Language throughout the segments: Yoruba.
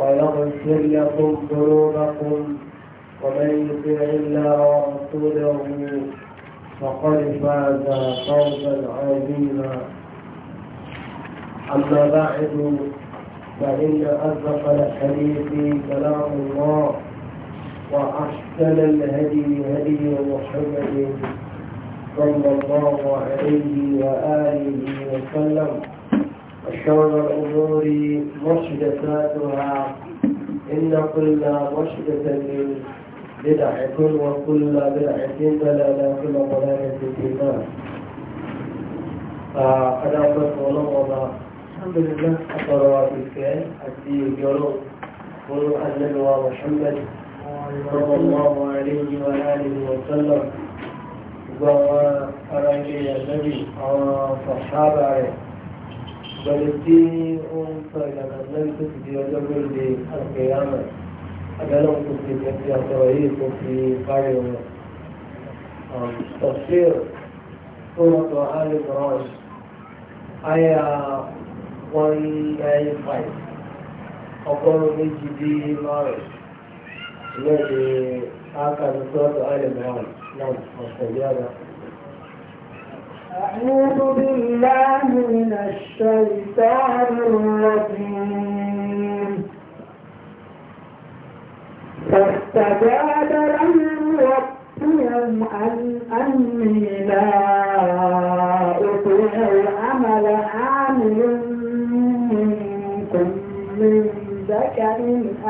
ويغفر لكم ذنوبكم ومن يطع الله ورسوله فقد فاز فوزا عظيما اما بعد فان اصدق الحديث كلام الله واحسن الهدي هدي محمد صلى الله عليه واله وسلم وشر الأمور محدثاتها إن كل محدثة بدعة وكل بدعة ضلالة كل ضلالة في النار فقد أخبرت ولغض الحمد لله أقرأ بالكيان أدي جلو قل أنه محمد صلى الله عليه وآله وسلم وأرى النبي وصحابه pẹ̀lú tí ó ń sọ ìlànà lẹ́yìn tó ti di ọjọ́ gbèrè àgbéyàmà abẹ́lẹ́ òun tó fi jẹ́ ti àtọ̀rọ̀ yìí tó fi báyìí wọn. tọ̀síìr tó wọ́n sọ ali bronch aya one nine five ọgọ́rùn-ún méjì dí márùn-ún ìdè ákàtúntò ali bronch náà ọ̀sẹ̀ yára. أعوذ بالله من الشيطان الرجيم فاستجاب لهم ربهم أن أني لا أطيع عمل عامل منكم من ذكر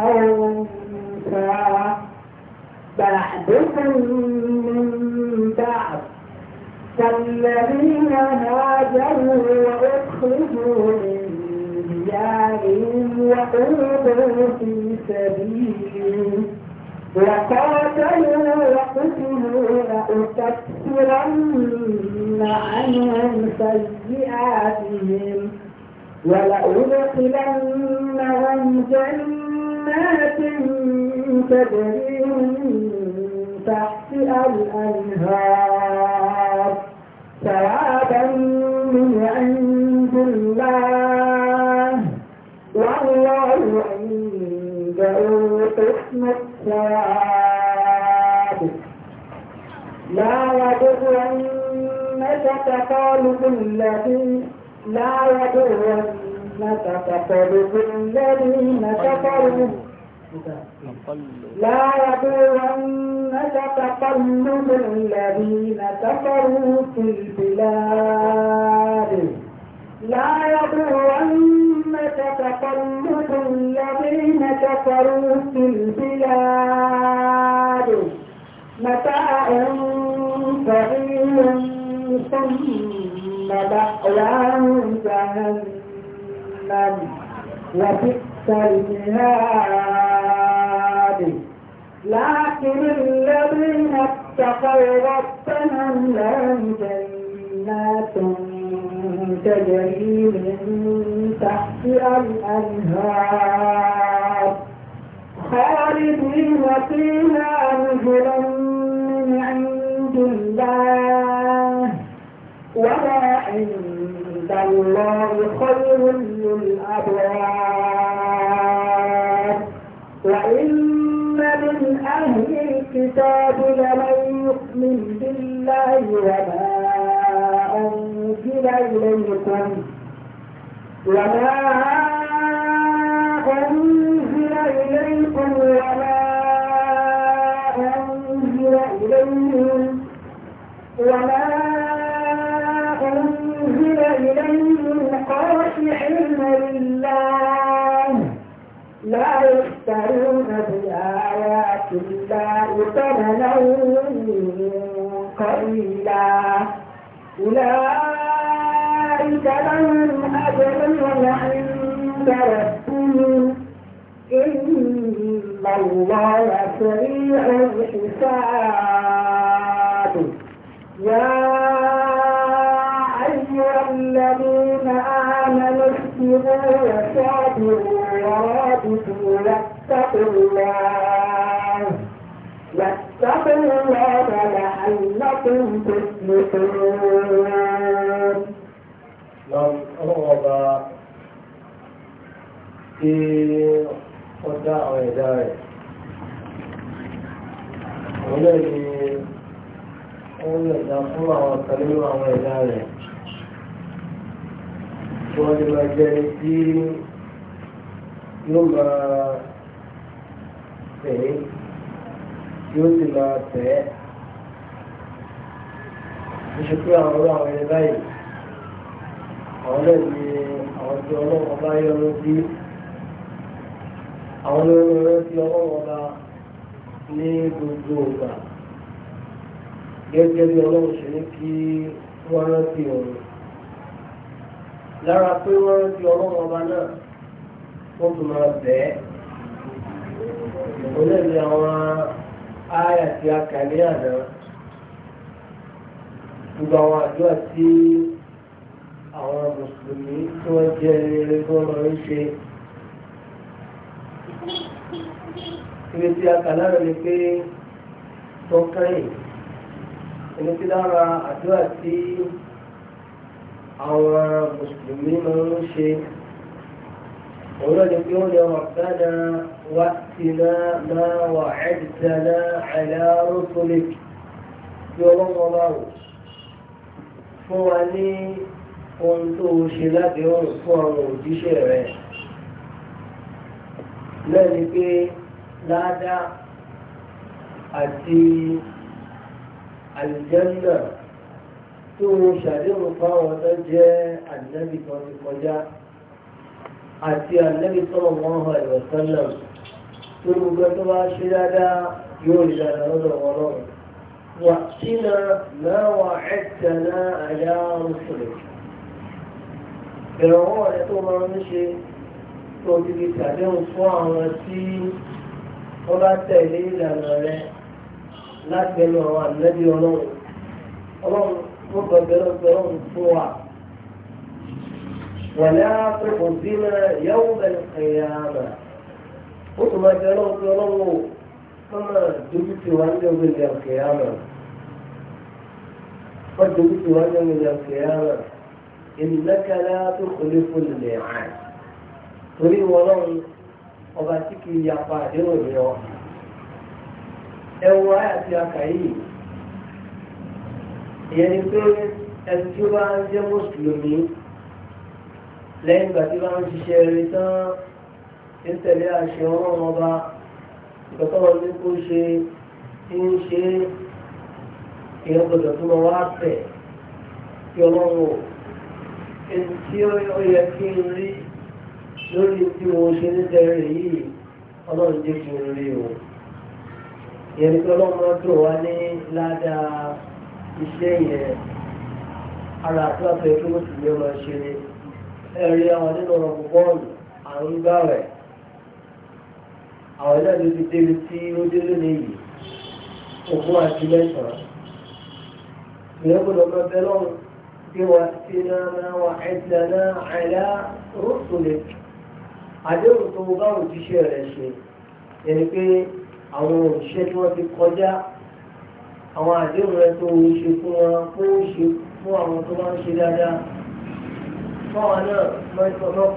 أو أنثى بعدكم كالذين هاجروا وأخرجوا من ديارهم في سبيله وقاتلوا وقتلوا لأكفرن عنهم سيئاتهم ولأدخلنهم جنات تجري من تحتها الأنهار ثوابا من عند الله والله عنده حسن الثواب لا يجرنك تطالب الذي لا يضرنك تقالب الذين كفروا لا يغرنك تقلب الذين كفروا في البلاد لا يغرنك تقلب الذين كفروا في البلاد متاع قليل ثم مأواهم جهنم وبئس المهاد لكن الذين اتقوا ربنا لهم جنات تجري من تحتها الأنهار خالدين فيها نزلا من عند الله وما عند الله خير للأبرار وإن من أهل الكتاب لمن يؤمن بالله وما أنزل إليكم وما أنزل إليكم وما أنزل إليهم وما أنزل إليهم علم لله لا يشترون بها إلا ثمنا قليلا أولئك لهم أجرهم عند ربهم إن الله سريع الحساب يا أيها الذين آمنوا اصبروا وصابروا ورابطوا لكم واتقوا الله واتقوا الله لعلكم تفلحون Nam ọlọ́wọ́ba tí ó dá àwọn ẹ̀dá rẹ̀. Àwọn náà ni ó ń yẹ̀dá fún àwọn kan nínú àwọn ẹ̀dá rẹ̀. Tí wọ́n lè máa jẹ́ ní tí yóò máa tẹ̀ é tí ó sì máa tẹ̀ ẹ́ ó ṣe pé àwọn ọlọ́run ẹni báyìí àwọn náà ní àwọn tí ọlọ́run bá yọnu sí àwọn olórin rántí ọlọ́run ọba ní gbogbo ìgbà gẹ́gẹ́ bí ọlọ́run ṣe ní kí wọ́n rántí ọ̀run lára pé wọ́n rántí ọlọ́run ọba náà wọ́n tún máa bẹ̀ẹ́ olóòní àwọn àyà tí a kà ní àná gbogbo àwọn àdúrà tí àwọn mùsùlùmí tí wọ́n jẹ́ eré tí wọ́n máa ń ṣe. ibi tí a kà lára ni pé tọ́kẹ́yìn ẹni tí lára àdúrà tí àwọn mùsùlùmí máa ń ṣe òun náà ni pé wọ́n lè wà dáadáa wá. أنفسنا ما وعدتنا على رسلك يوم الله fún wa ní ohun tó o ṣe láti ọrùn fún àwọn òjíṣẹ́ rẹ̀ lẹ́ni pé láádá àti àlìjẹ́nà tó o ṣàdéhùn fáwọn tó jẹ́ ànábì kan ti kọjá àti ànábì sallallahu alaihi wasallam lórí gbogbo ẹni tó bá ṣe dáadáa yóò rí dáadáa lọ́dọ̀ ọlọ́run wà sínú náà wà ẹ̀tẹ̀ náà àyà rúṣùlẹ̀ ìrànwọ́ rẹ̀ tó máa ń ṣe tó ti di fún àwọn tí wọ́n bá tẹ̀lé ìlànà rẹ̀ láti àwọn àlẹ́bí ọlọ́run ọlọ́run tó gbọ̀gbẹ̀rẹ̀ ọlọ́run fún wa. wàlẹ́ àpẹ̀kọ̀ sínú yẹ́wù bẹ̀rẹ̀ kẹ̀yà ó tún máa jẹ ọlọ́run pé ọlọ́run ò máa dojú ti wá ní ọgbẹ́ ilẹ̀ òkè àmà wọ́n dojú ti wá ní ọgbẹ́ ilẹ̀ òkè àmà ìnákàlá tó kọlé fún ilẹ̀ àn torí wọn ọba tí kì í yapa àdéhùn mi ọ ẹ wọ ayé àti akàyè ìyẹn ni pé ẹni tí ó bá ń jẹ́ mùsùlùmí lẹ́yìn ìgbà tí ó bá ń ṣiṣẹ́ rẹ̀ tán ń tẹ̀lé àṣẹ ọlọ́run ọba ìgbàtọ́wọ́ ní kó ṣe kí ń ṣe èèyàn gbọdọ̀ tó lọ wá tẹ̀ kí ọlọ́run ò ẹni tí ó yẹ kí n rí lórí tí mo ṣe ní tẹ̀lé yìí ọlọ́run jẹ́ kí n rí o ìyẹn ní ọlọ́run ọdún wa ní ládàá iṣẹ́ yẹn ara àti àpẹẹrẹ tó ti yẹ máa ṣe ni ẹ̀rí àwọn nínú ọ̀rọ̀ bọ́ọ̀lù àrùn gbà rẹ̀ àwọn ilé ìlú ti débi tí ó dé lónìí yìí òkú àti mẹ́sàn-án ìyẹn kò lọ́mọ bẹ́ẹ̀ lọ́rùn bí wọ́n ti náà wà ẹ̀sìn náà àìlá rúṣùlẹ̀ àdéhùn tó bá òjíṣẹ́ rẹ̀ ṣe ẹni pé àwọn òṣìṣẹ́ tí wọ́n ti kọjá àwọn àdéhùn rẹ̀ tó ń ṣe fún wọn kó ń ṣe fún àwọn tó máa ń ṣe dáadáa fún àwọn náà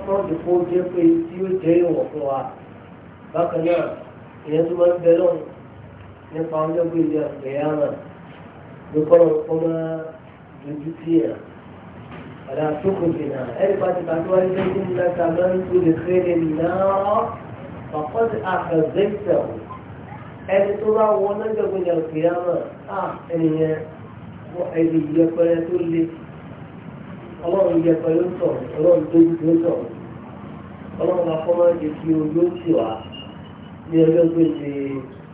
mọ́tò kó jẹ́ pé tí ó jẹ́ ìwọ̀n fún wa bákan náà ìyẹn tó máa ń bẹ lọ́nà nípa ọlọ́gbọ́n ilé ọ̀gbẹ̀yà náà ló kọ́ máa dojú sí yàn. ولا تخزنا عرفت أهوال إنك من تدخل النار فقد أخذته ẹni tó bá wọ lọ́jọ́gbọ́n ní ọ̀kìyàmọ̀ à ènìyàn ẹni ìyẹpẹrẹ tó le ọlọ́run ìyẹpẹrẹ ló sọ̀rọ̀ ọlọ́run tó sọ̀rọ̀ ọlọ́run akọ́mọ́ ẹ̀jẹ̀ kí ojú ó bí ọjọ́ gbé ti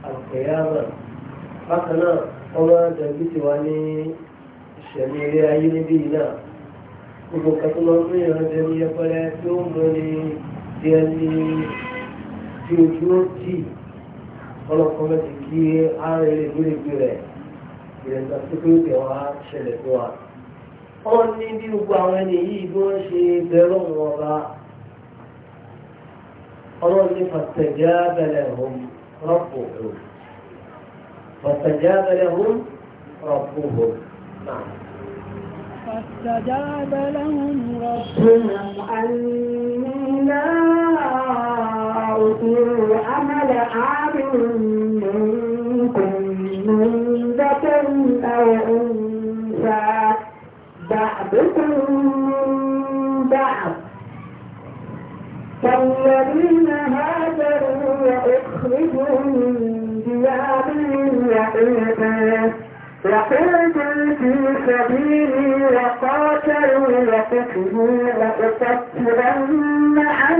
àkẹyàmà bákan náà ọmọ dàbí ti wá ní ìṣẹ̀lẹ̀ ilé ayé níbí náà gbogbo kẹtọ́ lọ fún ìrànjẹ́ ní ẹgbẹ́rẹ́ tí ó ń lọ ní díẹ̀ ní tí ojú ó tì ọlọ́kọ́ mẹ́tì kí ara ilé gbéregbé rẹ̀ ìrẹ̀ta tó kí ó wá ṣẹlẹ̀ tó wa. wọ́n ní bí gbogbo àwọn ẹni yìí bí wọ́n ṣe bẹ̀rù wọn ọba ọlọ́run فاستجاب لهم ربهم فاستجاب لهم ربهم نعم. فاستجاب لهم ربهم أني لا أطير عمل عام منكم من ذكر أو أنثى بعضكم فالذين هاجروا وأخرجوا من ديارهم وعيدوا في سبيلي وقاتلوا وقتلوا لأكفرن عن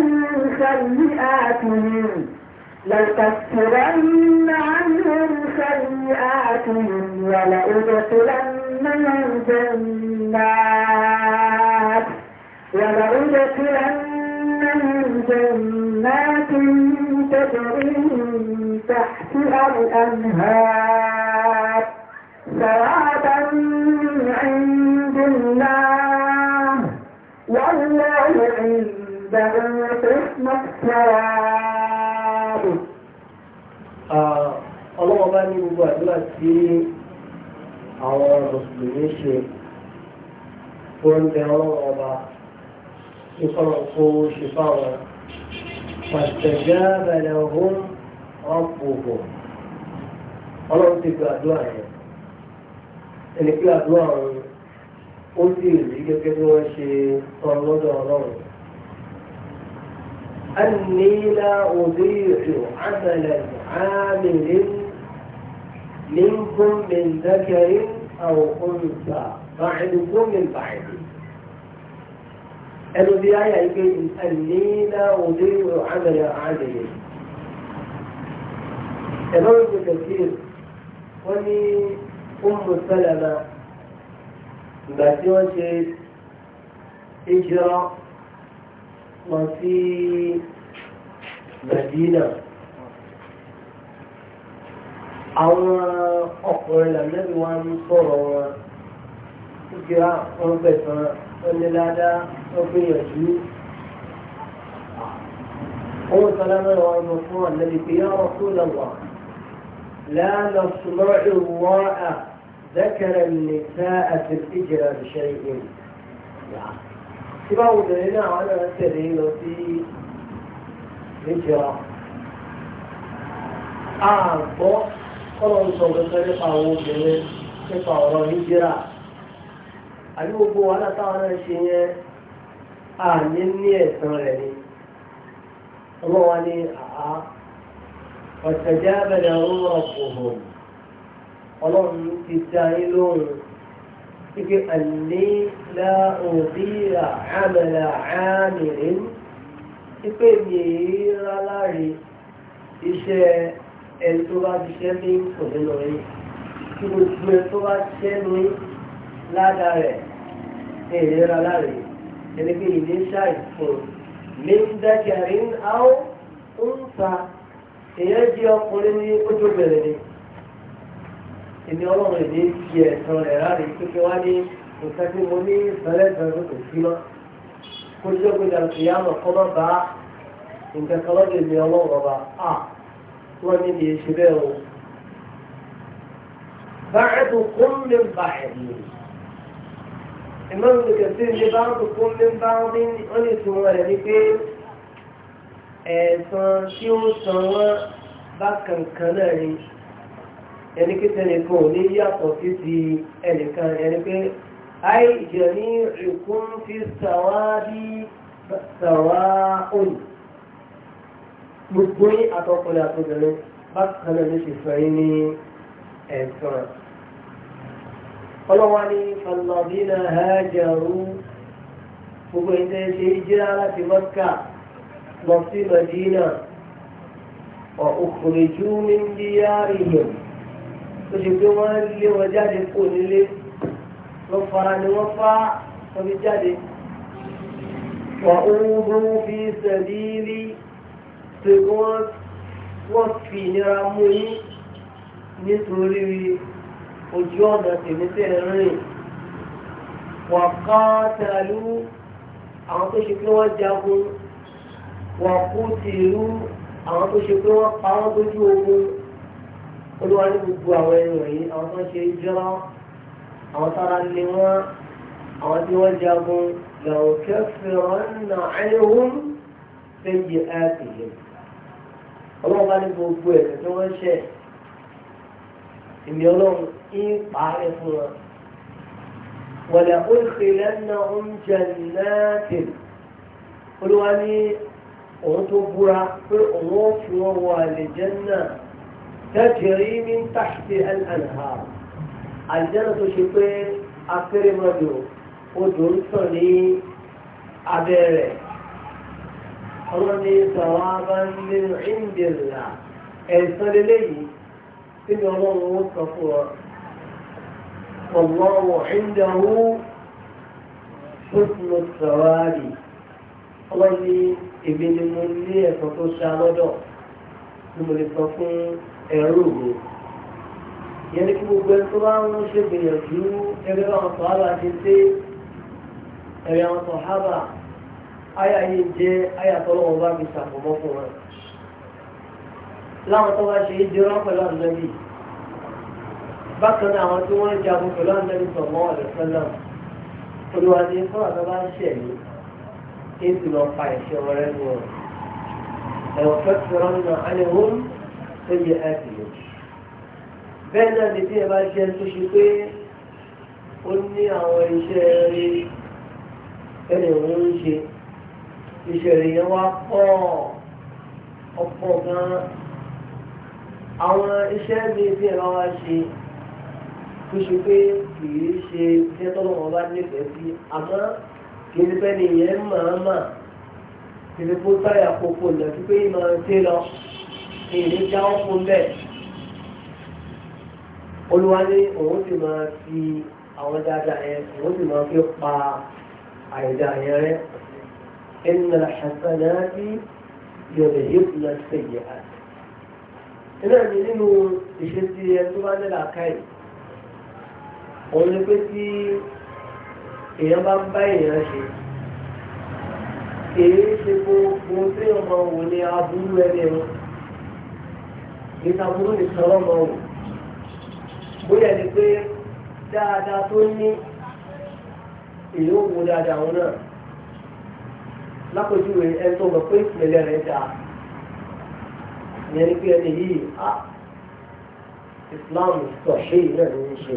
سيئاتهم لأكفرن عنهم سيئاتهم ولأدخلنهم جنات ولأدخلنهم جنات تجري من تحتها الأنهار ثوابا عند الله والله عنده حسن الثواب ọlọ́wọ́ bá ní gbogbo àdúrà tí àwọn mùsùlùmí ṣe الله ọlọ́wọ́ ọba يصرفوا شصارا فاستجاب لهم ربهم ọlọ́run ti gba àdúrà yẹn ẹni pé àdúrà ọ̀hún ó sì rí الله bí wọ́n ṣe sọ lọ́dọ̀ ọlọ́run أني لا أضيع عملا عامل منكم من ذكر أو أنثى بعدكم من بعدي ẹnu bí ayà ike ìtàlélá òde àmàlẹ̀ àádẹ́yẹ. ẹ̀rọ ìgbẹ́ kẹfìr wọ́n ní ọmọ sálàmà ìgbà tí wọ́n ṣe ìjọ lọ sí Madina àwọn ọkùnrin làmẹ́bí wa sọ̀rọ̀ wọn. kí wọ́n fẹ̀sán onílàdá ọgbìyànjú ó sọlọ́mọ ìwà ọmọ fún ọ̀nàbí pé yá ọkú lọ́wọ́ láàlọ́ sùmọ́ ìwọ́ ذكر النساء في الهجرة بشيء كما بعض على السبيل في هجرة أعطى قرن صوت طريقة وكذا قطع هجرة àbí gbogbo wàhálà táwọn náà ṣe yẹn à ní ní ẹ̀sán rẹ̀ ni ọmọ wa ní àá ọ̀tẹ̀jẹ́ abẹ́rẹ́ ọ̀rọ̀ ọ̀pọ̀ ọlọ́run ti dá yín lóhùn ike àní láòbí àmàlà àmìrín ipe mi rà láre iṣẹ́ ẹni tó bá ṣiṣẹ́ ní kò nínú yín kí gbogbo ẹni tó bá ṣiṣẹ́ ní ládàá rẹ̀ ìlera láre ẹni pé ìní ṣàìsùn mi ń dákẹ́rì ń áwọ̀ ń ta èèyàn jẹ́ ọkùnrin ní ojú bẹ̀rẹ̀ ni èmi ọlọ́run ìní fi ẹ̀sán rẹ̀ láre pípẹ́ wá ní nǹkan tí mo ní ìfẹ́lẹ́ bẹ̀rẹ̀ kò sí mọ́ kó jẹ́ pé ìyá mọ̀ kọ́ mọ́ bá nǹkan kan lọ́dọ̀ èmi ọlọ́run ọba à wọ́n ní ìdí ìṣe bẹ́ẹ̀ o. báyìí tó kún mi báyìí ìmọ̀ràn ló kẹ̀sí ní báńkì fún ní báńkì ó ní ìtumọ̀ rẹ̀ ni pé ẹ̀san tí ó san wọ́n bá kankan náà ni ẹni pé tẹnìkan ò ní yàtọ̀ sí ti ẹnìkan ẹni pé àì jẹ̀mí ìkún fi sàwádìí sàwáhùn gbogbo àtọkùnrin àtọkùnrin bákan náà ló ti sọ ọlọ́wọ́ ní falọ́dínà hajaru gbogbo ẹni tẹ́ ṣe jíra láti mọ́kà lọ sí madina ọ̀kùnrinjú ní díyàrí lò tó ṣe pé wọ́n lé wọn jáde kó nílé wọ́n fara ni wọ́n fá wọ́n jáde wà oòrùn fi sẹ̀dírí tó wọ́n fi ìnira mú yín nítorí ojú ọ̀nà tèmi tẹ̀ ń rìn wà ká tàlú àwọn tó ṣe pé wọ́n jagun wà kú tìlú àwọn tó ṣe pé wọ́n pa wọ́n lójú ogun olúwa ní gbogbo àwọn ẹni wọ̀nyí àwọn tó ń ṣe jọ́rọ́ àwọn tára lé wọn àwọn tí wọ́n jagun lọ́wọ́ kẹfìrọ́ nà ẹ̀hún fẹ́yì áàtìyẹ ọlọ́run ní gbogbo ẹ̀sẹ̀ tí wọ́n ṣẹ̀ ìmì ọlọ́run ìpààrẹ fún wọn. wọ̀lẹ̀ ó ṣe lẹ́nà oúnjẹ náàtì olúwa ní òun tó búra pé òun ó fi wọn wọ àlejẹ́ náà tẹ́tìrí ní tàṣìṣe ẹ̀nà àlejẹ́ náà tó ṣe pé akérèmọdò odò ń sàn ní abẹ́ rẹ̀ ọmọ ní sọ̀rọ̀ abáńdé ìndìlá ẹ̀sán lélẹ́yìí sínú ọlọ́run ó sọ fún ọ. والله عنده حسن الثواب ọlọ́ni èmi ni mo ní ẹ̀sọ́ tó ṣá lọ́dọ̀ ni mo lè sọ fún ẹ̀rọ mi ìyẹn ni kí gbogbo ẹni tó bá ń ṣe gbìyànjú ẹgbẹ́ àwọn sọ̀hábà ti ṣe ẹ̀rẹ̀ àwọn sọ̀hábà àyà yìí jẹ́ àyà tọ́lọ́wọ́ bá fi ṣàfọ̀mọ́ fún wọn láwọn tó bá ṣe é jẹ́ rán pẹ̀lú àdúgbò bákan náà àwọn tí wọ́n ń jagun pẹ̀lú àǹdẹ́bí sọ̀mọ́ ọ̀dẹ̀sẹ́lẹ̀ olùwàdí fún àtọ́bá ń ṣẹ̀ mí kí n sì lọ pa ẹ̀ṣẹ̀ wọn rẹ́nu ọ̀rọ̀ ẹ̀wọ̀n fẹ́ẹ́ rán náà á lè wọ́n tó yẹ ẹ̀ sì lò. bẹ́ẹ̀ náà ni bí ẹ bá jẹ́ tó ṣe pé ó ní àwọn iṣẹ́ rí ẹnì òun ń ṣe iṣẹ́ rí yẹn wá pọ̀ ọ̀pọ̀ gan-an àwọn iṣẹ́ mi bí ẹ bá wá ṣe tó ṣe pé kìí ṣe iṣẹ́ tọ́lọ́wọ́ bá nífẹ̀ẹ́ sí àmọ́ kìí ṣe pé nìyẹn máa mà kìí ṣe kó táyà kókó lọ sí pé ìmọ̀ ṣe lọ kìí ní jáwọ́ fún bẹ́ẹ̀. olúwa ní òun sì máa fi àwọn dáadáa yẹn òun sì máa fi pa àìdáa yẹn rẹ́ ẹnìyàn àṣàṣà náà sí yọ̀dẹ̀ yóò fi lọ sí ẹ̀yẹ nínú ìṣesí ẹni tó bá nílò àkáyìí òun ni pé tí èèyàn bá bá èèyàn ṣe èyí ṣe gbogbo tí èèyàn máa wò ní aburú ẹni ẹ̀rọ ìtàbúrú nìkan lọ́ máa wò bóyá ni pé dáadáa tó ní èyí ó wo dáadáa òun náà lápòjúwe ẹni tó gbọ́ pé ìpìlẹ̀ rẹ̀ dáa ìyẹn ni pé ẹni yìí á ah, Islam sọ̀ṣẹ́ ìlẹ̀ ló ń ṣe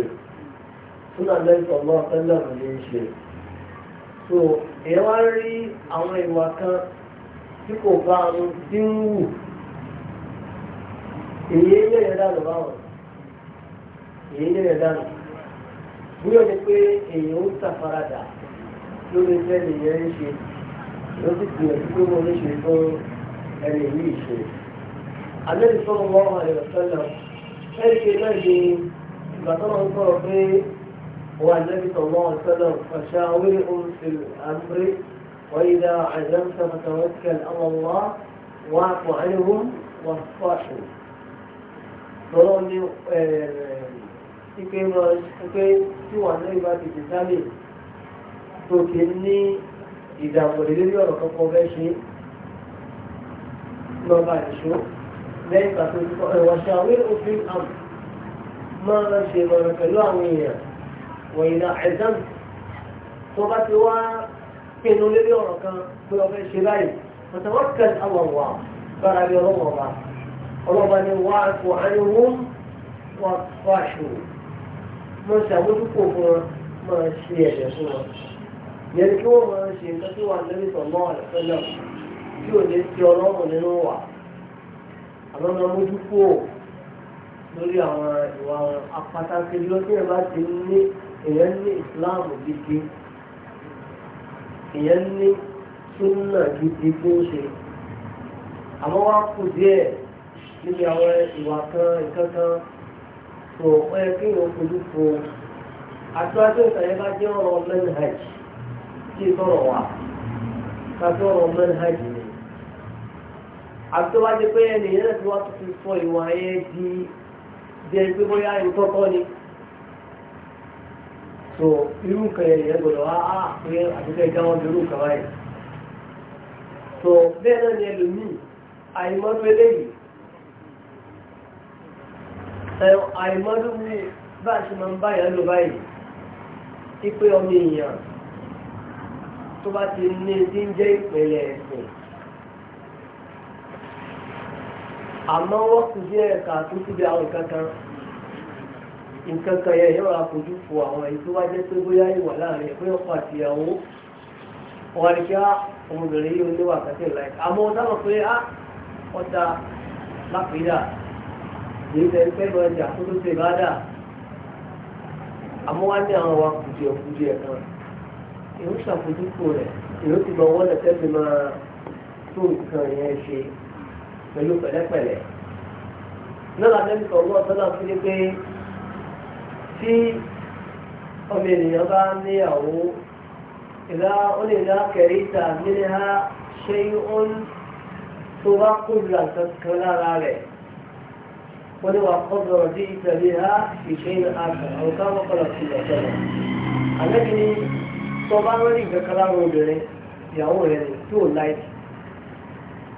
súnà lẹ́sọ̀ náà tẹ́lẹ̀ mi ní ṣe so èèyàn wá rí àwọn ìwà kan tí kò bá àwọn tí ń wù èyí ilé yẹn dànù báwọn èyí ilé yẹn dànù bí ó ní pé èèyàn ó ṣàfaradà lórí iṣẹ́ nìyẹn ń ṣe ló sì gbìyànjú pé mo ní ṣe fún ẹni yìí ṣe àlejò sọ́nù wọ́n wà ẹ̀ ṣe náà di ìgbà tó máa ń sọ̀rọ̀ pé هو النبي صلى الله عليه وسلم فشاورهم في الأمر وإذا عزمت فتوكل على الله واعف عنهم واصفحهم tọ́lọ́ ní ike lọ pé tí wà ní ìgbà ti ti sáré tó kì í ní ìdààmú lórí ọ̀rọ̀ kankan fẹ́ ṣe lọ́ba ìṣó lẹ́yìn pàtó ìwọ̀ṣà wí òfin àmì máa ń ṣe ìmọ̀ràn pẹ̀lú àwọn èèyàn وإذا عزمت صبت وكانوا لي يورك في يوم الشباب فتوكل على الله فرب واعف عنهم واصفحوا ما سوتكم ما شيء yẹn kí wọ́n máa ṣe nǹkan tí wà lórí ìtọ̀mọ́ àlẹ́fẹ́lẹ́ tí ò lè ti ọlọ́run nínú wà àmọ́ máa mójú àwọn ìwà apátákejì lọ́sẹ̀ bá ti ní èèyàn ní ìsìláàmù gidi èèyàn ní súnà gidi tó ń ṣe àmọ́ wá kù díẹ̀ níbi àwọn ìwà kan ìkankan tó ọ yẹ kí èèyàn fojú fo àtúwájú ìtàyẹ bá jẹ́ ọ̀rọ̀ manhaj kí sọ̀rọ̀ wà kátó ọ̀rọ̀ manhaj ni àtúwájú pé ẹnìyẹn náà ti wá tó fi fọ ìwà yẹn di jẹ́ pé bóyá ìtọ́kọ́ ni so irú nǹkan ẹ̀yẹ gbọ́dọ̀ wá á ah, pé àbíkẹ́ ìjáwọ́ bí irú nǹkan báyìí so bẹ́ẹ̀ náà ni ẹlòmíì àìmọ́dún eléyìí àìmọ́dún ní bá a ṣe máa ń báyà lò báyìí ipe ọmọ èèyàn tó bá ti ní ti ń jẹ́ ìpìlẹ̀ ẹ̀sìn àmọ́ wọ́n kù díẹ̀ kà tó síbi àwọn kankan nǹkan kan yẹn yóò àfojú fo àwọn èyí tó wá jẹ́ pé bóyá ìwà láàrin ẹ̀ bóyá ọkọ̀ àti ìyàwó wọn ni kí ọmọbìnrin yìí oníwà kàtẹ́ láì àmọ́ wọn sábà pé á ah, ọ̀tá lápẹ́yà èyí tẹ̀ ń fẹ́ lọ ọjà tó tó ṣe bá dà àmọ́ wá ní àwọn wa kùdìẹ̀ kùdìẹ̀ kan èyí ṣàfojú fo rẹ̀ èyí ti mọ wọ́n lẹ́tẹ́ fi máa tó nǹkan yẹn ṣe pẹ̀lú pẹ̀lẹ́pẹ̀lẹ́ náà làbẹ́ mi sọ̀rọ̀ ọ̀tọ́ náà fi ní pé tí ọmọ ènìyàn bá níyàwó ìlà onílà kẹrìtà nílẹ̀ ṣe ń tó bá kúrò àtàkùn lára rẹ̀. ولو قدر جئت بها في شيء آخر أو كما قال صلى الله عليه وسلم أنكني طبعا ولي بكلام وجري يا أولي تو لايت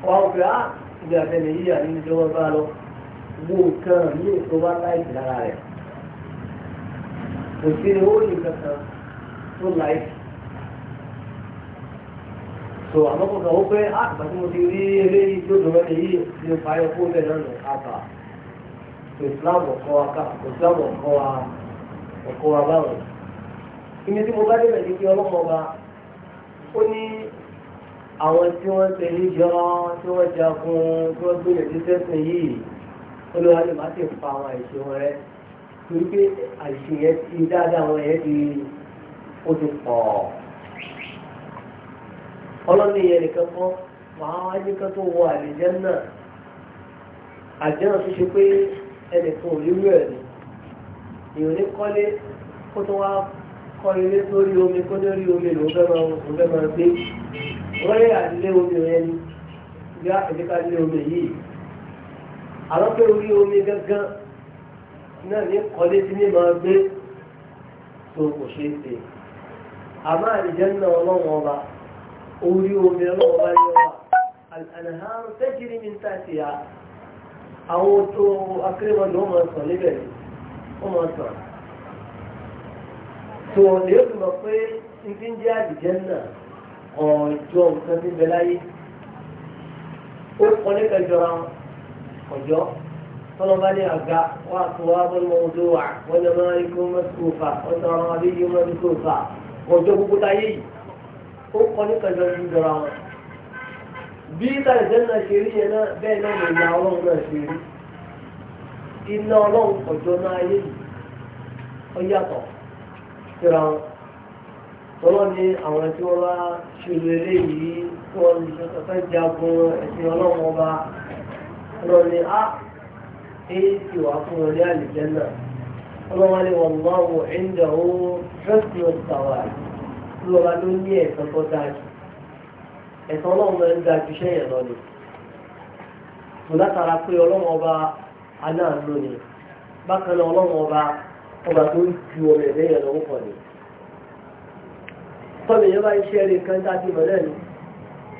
وأو بها إذا كان يجي عليه جواب بالو مو كان يو طبعا لايت لا لا kò sí owó nìkan kan tó láì so àmọ́ kò sọ̀rọ̀ pé àgbà ah, tí mo ti rí eré ìjọba mẹ́rin yìí ti ń parí ọkọ̀ bẹ́ẹ̀ náà nù àbà islam ọkọ wa ká islam ọkọ wa ọkọ wa báwọn ìní tí mo bá débẹ̀ ní pé ọlọ́mọ ọba ó ní àwọn tí wọ́n ṣe yíyọ tí wọ́n jagun tí wọ́n gbé lè ṣiṣẹ́ sìn yìí olùwàlẹ̀ má ti pa àwọn àìṣe wọn rẹ́ torí pé àìsàn yẹn ti dáadáa wọn yẹn ti ó ti pọ̀ ọlọ́ni yẹn nìkan kọ́ màá wá ní kan tó wọ àlejò náà àjẹ́ náà tó ṣe pé ẹnìkan ò léwu ẹ̀ ni èèyàn ní kọ́lé kó tó wá kọ́ ilé sórí omi kó ní orí omi ló fẹ́ máa gbé wọ́n lè àlé omi rẹ ni bí a lé omi yìí àlọ́ pé orí omi gángan náà ní kọ́lé tí ní máa gbé tó kò ṣe é ṣe àmọ́ àdìjẹ́ náà ọlọ́run ọba orí omi ọlọ́run ọba ní ọba àlànà tẹ́jìrì mi ta sí ya àwọn tó akérèmọdé wọn máa sàn níbẹ̀ ni wọn máa sàn tó lè fi mọ̀ pé n ti ń jẹ́ àdìjẹ́ náà ọjọ́ nǹkan ti bẹ láyé ó kọ́ ní kẹjọra ọjọ́. طلبني أرجع وأكواب الموضوع ونمارك مسكوفة وزرابي منكوفة وجهه قطعي وقال كذا من دراما بيتا الجنة شيري أنا بين من يعلمنا شيري إن الله قدنا لي ọyàtọ̀ síra wọn tọ́lọ́ ní àwọn tí wọ́n bá ṣòro eléyìí tí wọ́n fẹ́ èyí wà fún wọn ní àlìjẹ́nà ọlọ́wọ́ ni wọ́n mọ́ àwọn ẹ̀ńdà ó fẹ́ẹ̀sì ọ̀tàwà lọ́wọ́ ló ní ẹ̀sán tó dájú ẹ̀sán ọlọ́run máa ń dájú sẹ́yìn lọ ni mo látara pé ọlọ́run ọba aláàánú ni bákan náà ọlọ́run ọba ọba tó ń ju ọmọ ẹ̀dẹ́ yẹn lọ́wọ́ pọ̀ ni tọ́mi yẹn bá ń ṣe eré kan dájú mọ́ lẹ́nu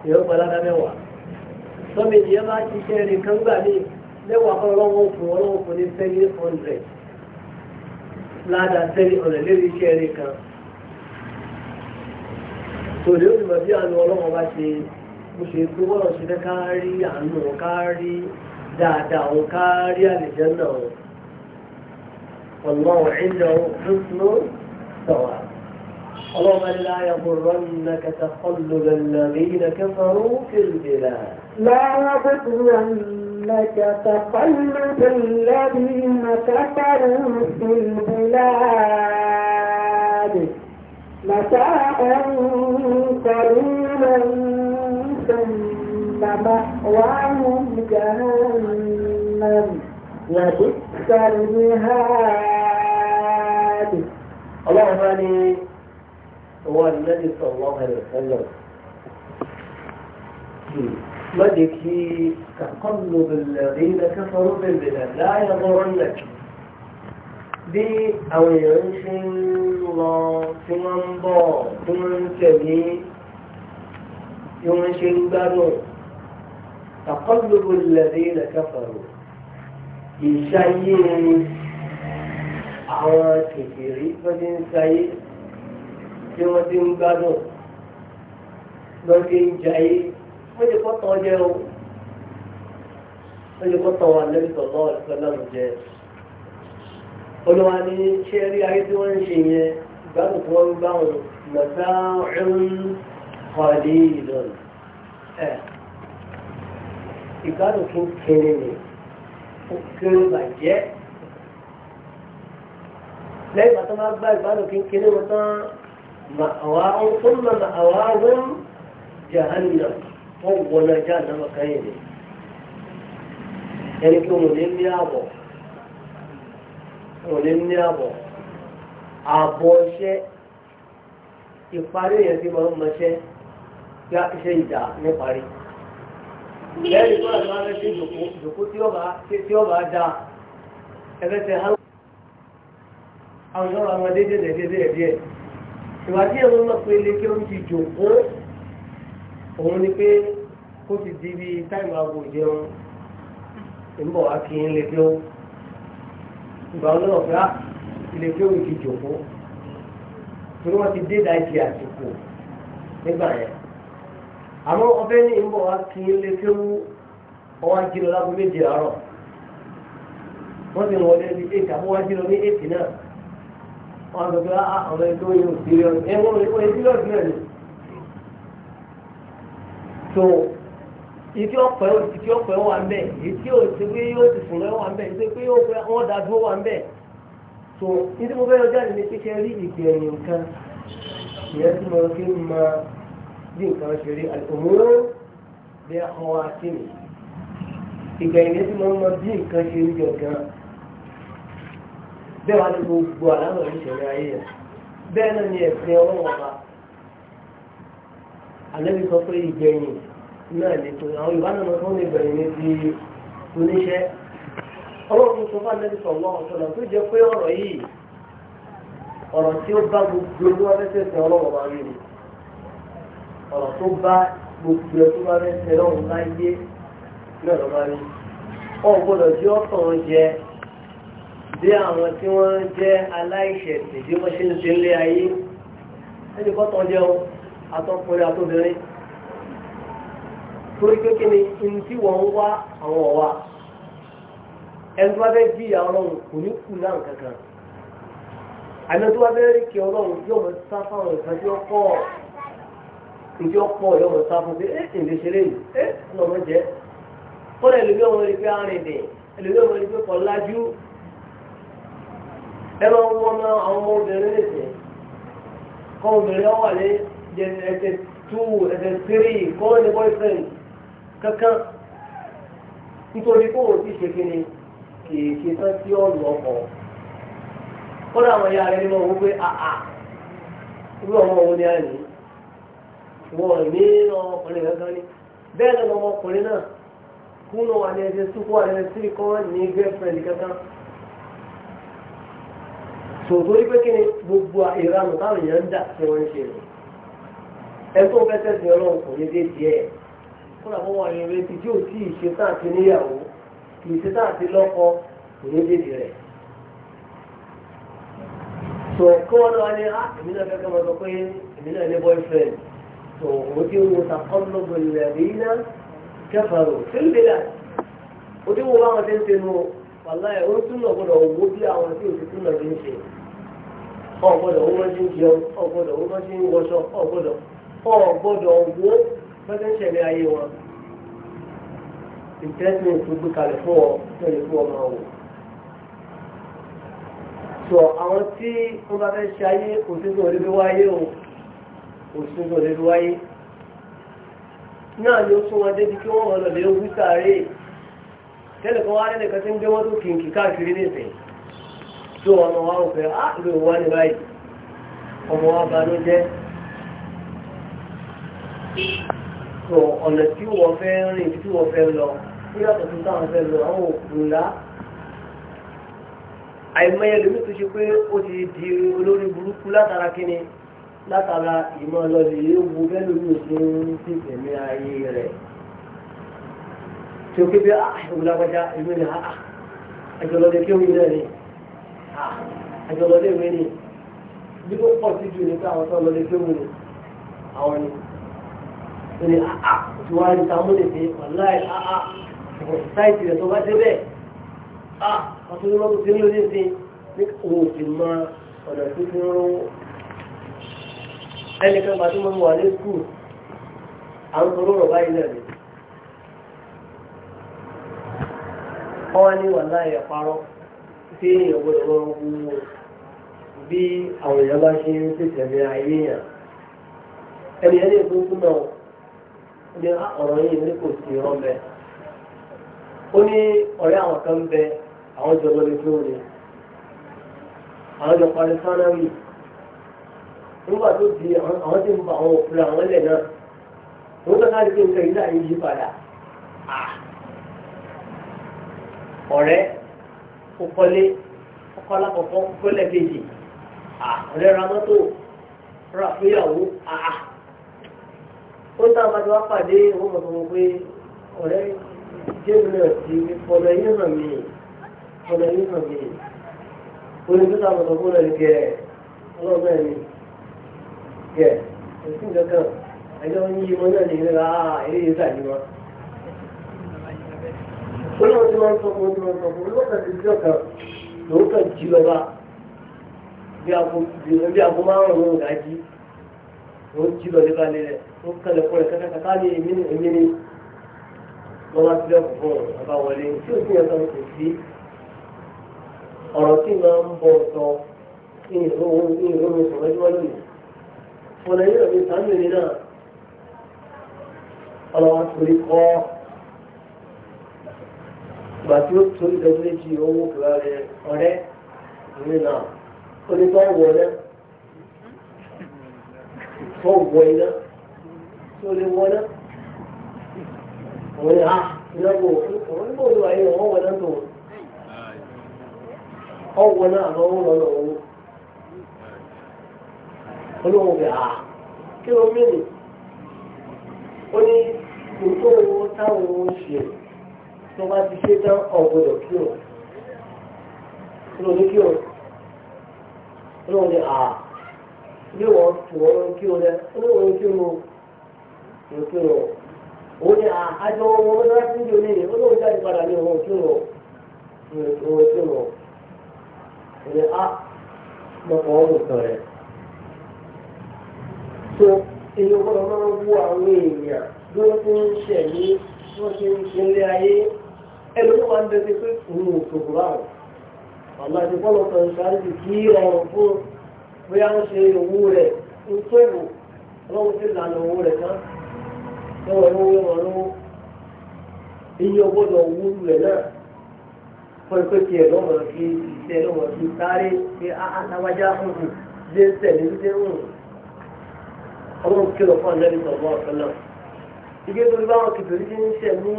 èèyàn gbọ́dá mẹ́wàá tọ́mi yẹn bá ń ṣiṣẹ́ eré kan gbà ní lẹ́wọ̀n akọ́lọ́wọ́ fún ọlọ́wọ́ fún ní seven hundred ládàá seven hundred lérí iṣẹ́ eré kan tòlẹ́ olùmọ̀ bí àánú ọlọ́wọ́ bá ṣe mo ṣe pé wọ́n ṣe fẹ́ káárí àánú wọn káárí dáadáa wọn káárí àlejò náà wọn ọlọ́wọ́ ẹ̀ńdà wọn fún fún sọ̀rọ̀ اللهم لا يغرنك تقلب الذين كفروا في البلاد لا يغرنك لك تقلب الذين كفروا في البلاد متاع قليلا ثم مأواهم جهنم وبئس المهاد اللهم علي هو النبي صلى الله عليه وسلم أحمدك تقلب الذين كفروا في البلاد لا يضرنك ب أو ينشي الله ثمن ضاء ثمن تبي ينشي البر تقلب الذين كفروا في شيء عواتي في ريفة سيء ثمن بر ó yẹ tọ́ jẹ o ó yẹ tọ́ wa lẹ́nu tọ̀tọ̀ ìsọ̀lọ́mù jẹ olùwà ni ṣé rí ayé tí wọ́n ń ṣe yẹn ìgbàgbọ́ tí wọ́n ń bá wọn mọ̀tá ń kọ̀dé ìlọ́nù ẹ̀ ìgbàgbọ́ tó kéré ni ó kéré bàjẹ́ lẹ́yìn pàtó bá gbá ìgbàlù kékeré wọn tán màáwá ó ń mọ màáwá wọn jahannam wọ́n wọlé já àdámọ̀ káyìn ni ẹni pé wọn lè ní ààbọ̀ wọn lè ní ààbọ̀ ààbọ̀ iṣẹ́ ìparí yẹn fi máa ń mọṣẹ́ yá iṣẹ́ ìdá níparí lẹ́yìn tó àti máa fẹ́ sí ìjòkó ìjòkó tí ọba dá ẹgbẹ́ tẹ hàn àwọn ìṣọ́ra ọmọdé dédé òun ni pé kó ti di bí táìmù aago jẹun ìmọ̀ akin lè fi ó ìgbà ọlọ́run ọ̀gá ah, ilé fi òun ti dee torí wọ́n ti dé dáìtì àsìkò nígbà yẹn àmọ́ ọbẹ̀ ní ìmọ̀ akin lè fi ó ọwọ́ ajílọ lágbo méje àárọ̀ wọ́n ti wọlé ní eight àbúwọ́ ajílọ ní eight náà wọ́n á sọ pé ah, ah, ẹ̀ so ìtí ọ̀pẹ ìtí ọ̀pẹ wà ń bẹ̀ ìtí òtí pé yóò ti sùn lọ́wọ́ wà ń bẹ̀ ìtí pé yóò pẹ́ wọ́n da dúró wà ń bẹ̀ so ìdí mo fẹ́ yọjá ni pé ṣe rí ìgbẹ̀yìn nǹkan ìyẹn tí mo fi ń ma bí nǹkan ṣe rí òmùrò bí ọkọ̀ wa sí mi ìgbẹ̀yìn tí mo mọ bí nǹkan ṣe rí gangan bẹ́ẹ̀ wá ní gbogbo àlámọ̀ ìṣẹ̀lẹ̀ ayé yẹn bẹ́ẹ̀ náà ni ẹ̀sìn ọlọ́wọ́ àlẹ́bí sọ pé ìgbẹ̀yìn náà ní tó àwọn Yorùbá náà tó ń lè gbẹ̀yìn ní ti oníṣẹ́ ọlọ́run sọ fún àlẹ́bí sọ lọ́wọ́ sọ̀rọ̀ tó jẹ́ pé ọ̀rọ̀ yìí ọ̀rọ̀ tí ó bá gbogbo ẹgbẹ́ wọn fẹ́ sẹ́ ọlọ́run máa rí ni ọ̀rọ̀ tó bá gbogbo ẹgbẹ́ wọn fẹ́ sẹ́ ọlọ́run máa yé náà lọ́ máa rí wọn gbọ́dọ̀ jẹ́ ọ̀tọ̀ jẹ bí àwọn tí wọ́n jẹ́ aláìṣẹ̀ tìjú wọ́n ṣe ń ṣe ń lé ayé ẹni kọ́tọ̀ jẹun atọ́kùnrin atọ́bìnrin torí pé kí ni tí wọ́n ń wá àwọn ọ̀wà ẹni tó bá fẹ́ bí ìyá ọlọ́run kù náà kankan àmì tó bá fẹ́ rí kí ọlọ́run yóò mọ sá fáwọn ìkan tí ó pọ̀ ìdí ọ̀pọ̀ yóò mọ sá fún pé ẹ eh, ǹdè ṣe léyìí ẹ eh, lọ́mọ jẹ́ kọ́lá ẹlòmí ọmọ rẹ̀ pé arìnrìn ẹlòmí ọmọ rẹ̀ pé kọ́ lájú ẹ máa ń wọ́n náà àwọn ọmọ obìnrin nìsín kọ́ obìnrin ọ wà jẹ́ ẹ̀jẹ̀ two ẹ̀jẹ̀ three kọ́ ní boyfriend kankan nítorí kó o ti ṣe kí ni kì í ṣe tán tí ó lọ kọ́ kọ́dà àwọn ẹ̀yà rẹ̀ nínú owó pé àà irú ọmọ òun ni a nì wọ́n ní ọmọkùnrin kankan ní bẹ́ẹ̀ ni ọmọkùnrin náà kúnnà wà ní ẹ̀jẹ̀ two kó wà ní ẹ̀jẹ̀ three kọ́ ní girlfriend kankan sòtò wípé kí ni gbogbo ìranù táwọn èèyàn ń dà tí wọ́n ń ṣe rẹ̀ ẹtọ́ fẹsẹ̀ sí ọlọ́run kò ní dé fúnra fún wọn ìrìn retí tí ò tí ì ṣe tá àti níyàwó kì í ṣe tá àti lọ́kọ kò ní dé díẹ̀. tó kí wọ́n lọ́wọ́ ní ah, èmi náà fẹ́ kí wọ́n sọ pé èmi náà ní boyfriend tó òun ti wo takọ́lọ́gbọ̀n ìrìnà kẹfàrò fílbílà ó ti wo báwọn ṣe ń tẹnu wàláyé ó tún lọ gbọ́dọ̀ owó bí àwọn tí ò ti tún lọ ń ṣe ọ̀gbọ́dọ̀ owó máa ṣe ń jẹun ọ̀gbọ́dọ̀ owó máa ṣe ń wọṣọ ọ̀gbọ́dọ̀ ọ̀ gbọ́dọ̀ wo lọ́jọ́ ìṣẹ̀lẹ̀ ayé wọn ìtẹ́sìn tó gbé kalẹ̀ fún ọ tó lè fún ọmọ wò. sọ àwọn tí wọ́n bá fẹ́ ṣe ayé òṣèlú olébí wáyé o òṣèlú olébí wáyé náà ni ó sún wọn débi kí wọ́n wọ́n lọ lé ogún sáré tẹ́lẹ̀ kan wá lẹ́lẹ̀ kan tí ń gbé wọ́n tó kìnkì káàkiri nìsín tó ọmọ wa ò fẹ́ á lè wá ní báyìí ọmọ wa banú jẹ́ So ọ̀nà tí wọ́n fẹ́ rìn tí wọ́n fẹ́ lọ ní yàtọ̀ tó táwọn fẹ́ lọ àwọn òkú ńlá àìmọye lómi tó ṣe pé ó ti di olórí burúkú látara kíni látara ìmọ̀ lọ́lẹ̀ ewu bẹ́ẹ̀ lómi òfin ti tẹ̀mí ayé rẹ̀ tí ó ké bí àìwúlágbájá ah, ìlú ni àjọlọ́dẹ ah, ah, kí omi náà ni àjọlọ́dẹ ìwé ni bí ó pọ̀ sí ju nípa àwọn tó lọ́dẹ kí omi ni àwọn ni ó ní àá tí wọ́n á ní ta mọ́lẹ̀ pé wàláì àá ọ̀pọ̀ sáìtì rẹ̀ tó bá débẹ̀ à ah, ọtún ní mọ́tò tí ń lò ní ìsìn ní òun ò sì mọ ọ̀nà tó fi ń rówó ẹnìkan bá tó mọ́ wà ní skul à ń sọ̀rọ̀ ọ̀rọ̀ báyìí náà rèé wọ́n ní wà láyé parọ́ tí èèyàn gbọ́dọ̀ lọ wo bí àwọn èèyàn bá ṣe ń ṣètẹ̀lé ayé yàn ẹni ẹni tó náà ní ọ̀rọ̀ yìí ní kò sí irọ́ mẹ́. ó ní ọ̀rẹ́ àwọn kan bẹ àwọn jọ lọ́lẹ́ tó ní àwọn jọ parí sánáwì nígbà tó di àwọn tí ń ba àwọn òfin àwọn ilẹ̀ náà wọ́n tọ́ka ní pé nǹkan yìí náà yí padà ọ̀rẹ́ kókọ́lé kókọ́ alákọ̀ọ́kọ́ kókọ́lẹ̀ kejì ọ̀rẹ́ ramọ́tò rà fúyàwó ó tá a máa ti wá pàdé owó mọ̀tò mọ̀ pé ọ̀rẹ́ jésù náà ti fọ̀nà yín hàn mí fọ̀nà yín hàn mí orin tó tá a mọ̀tò fún ẹ̀rẹ́ kẹ ọlọ́run náà kẹ òsì kankan ẹjọ́ ń yí wọn náà ní ìlera eré yìí sàdí wọn. olóòtú ti máa sọ fún olóòtú sọ fún olóòtú ti di ọ̀kan lòótọ́ jí lọ́ba bí aago márùn-ún ọ̀gá jí wọ́n jí lọ nípa lẹ́rẹ̀ ó kẹlẹ̀ kọ́ rẹ̀ kẹ́kẹ́ ká lè mí èmi ni wọ́n wá sílẹ̀ kù fún ọba wọlé tí ò sí yẹn sọ kò sí ọ̀rọ̀ tí máa ń bọ̀ sọ ìròyìn sọ̀rọ̀ ẹjọ́ lónìí fún ẹ̀yìn rẹ̀ mi sàmìlì náà ọlọ́wọ́ torí kọ́ ìgbà tí ó torí lọ méjì owó kìlá rẹ̀ ọ̀rẹ́ ìrìn náà ó ní bá wọlé tó wọ iná tó lè wọ iná òun ni ah, iná bò òun bò ní wàyí òun wọ iná tó ọwọ náà lọ ń lọ lọ́wọ́ olóhùn bẹ a ah, kí ló mẹ́rin ó ní kòtò owó táwọn ohun ṣe tó bá ti ṣe tán ọ̀gbọ́dọ̀ kí o kí ní kí o olóhùn ni a. Ah, yóò wọ́n tù ọ́ lórí kí o rẹ ó ní òun kí o lò kí o rọ òun àjọ wọn wọn lọ́wọ́ sí ní oníyè ó lóun jáde padà ní òun kí o rọ òun kí o rọ òun ni a lọ́kọ̀ ọ́n lò rẹ̀ so èyí ọgbọ́dọ̀ máa ń wú àwọn èèyàn bí wọ́n ti ń ṣẹ̀ ní bí wọ́n ti ń ṣe ilé ayé ẹ̀rọ ló máa ń bẹ pé òun ò ṣòkòrò àwọn àmọ́ àti pọ́lọ́tọ̀ ìṣáájú kí ọrùn fún bóyá ń ṣe owó rẹ̀ ń tó wò ọlọ́run ti lànà owó rẹ̀ tán lọ́wọ́ lówó wọn lówó iye ọgbọ́dọ̀ wúlò rẹ̀ náà fún ẹgbẹ́ tiẹ̀ lọ́wọ́ fi iṣẹ́ lọ́wọ́ fi sáré pé aláwájá ah, ah, ń hù dé sẹ̀lé ń dé hù ọlọ́run kìlọ̀ fún àlẹ́ nípa ọgbọ́n ọ̀fẹ́ náà ìgbé tó báwọn kìtòrí ti ń ṣẹ̀ ní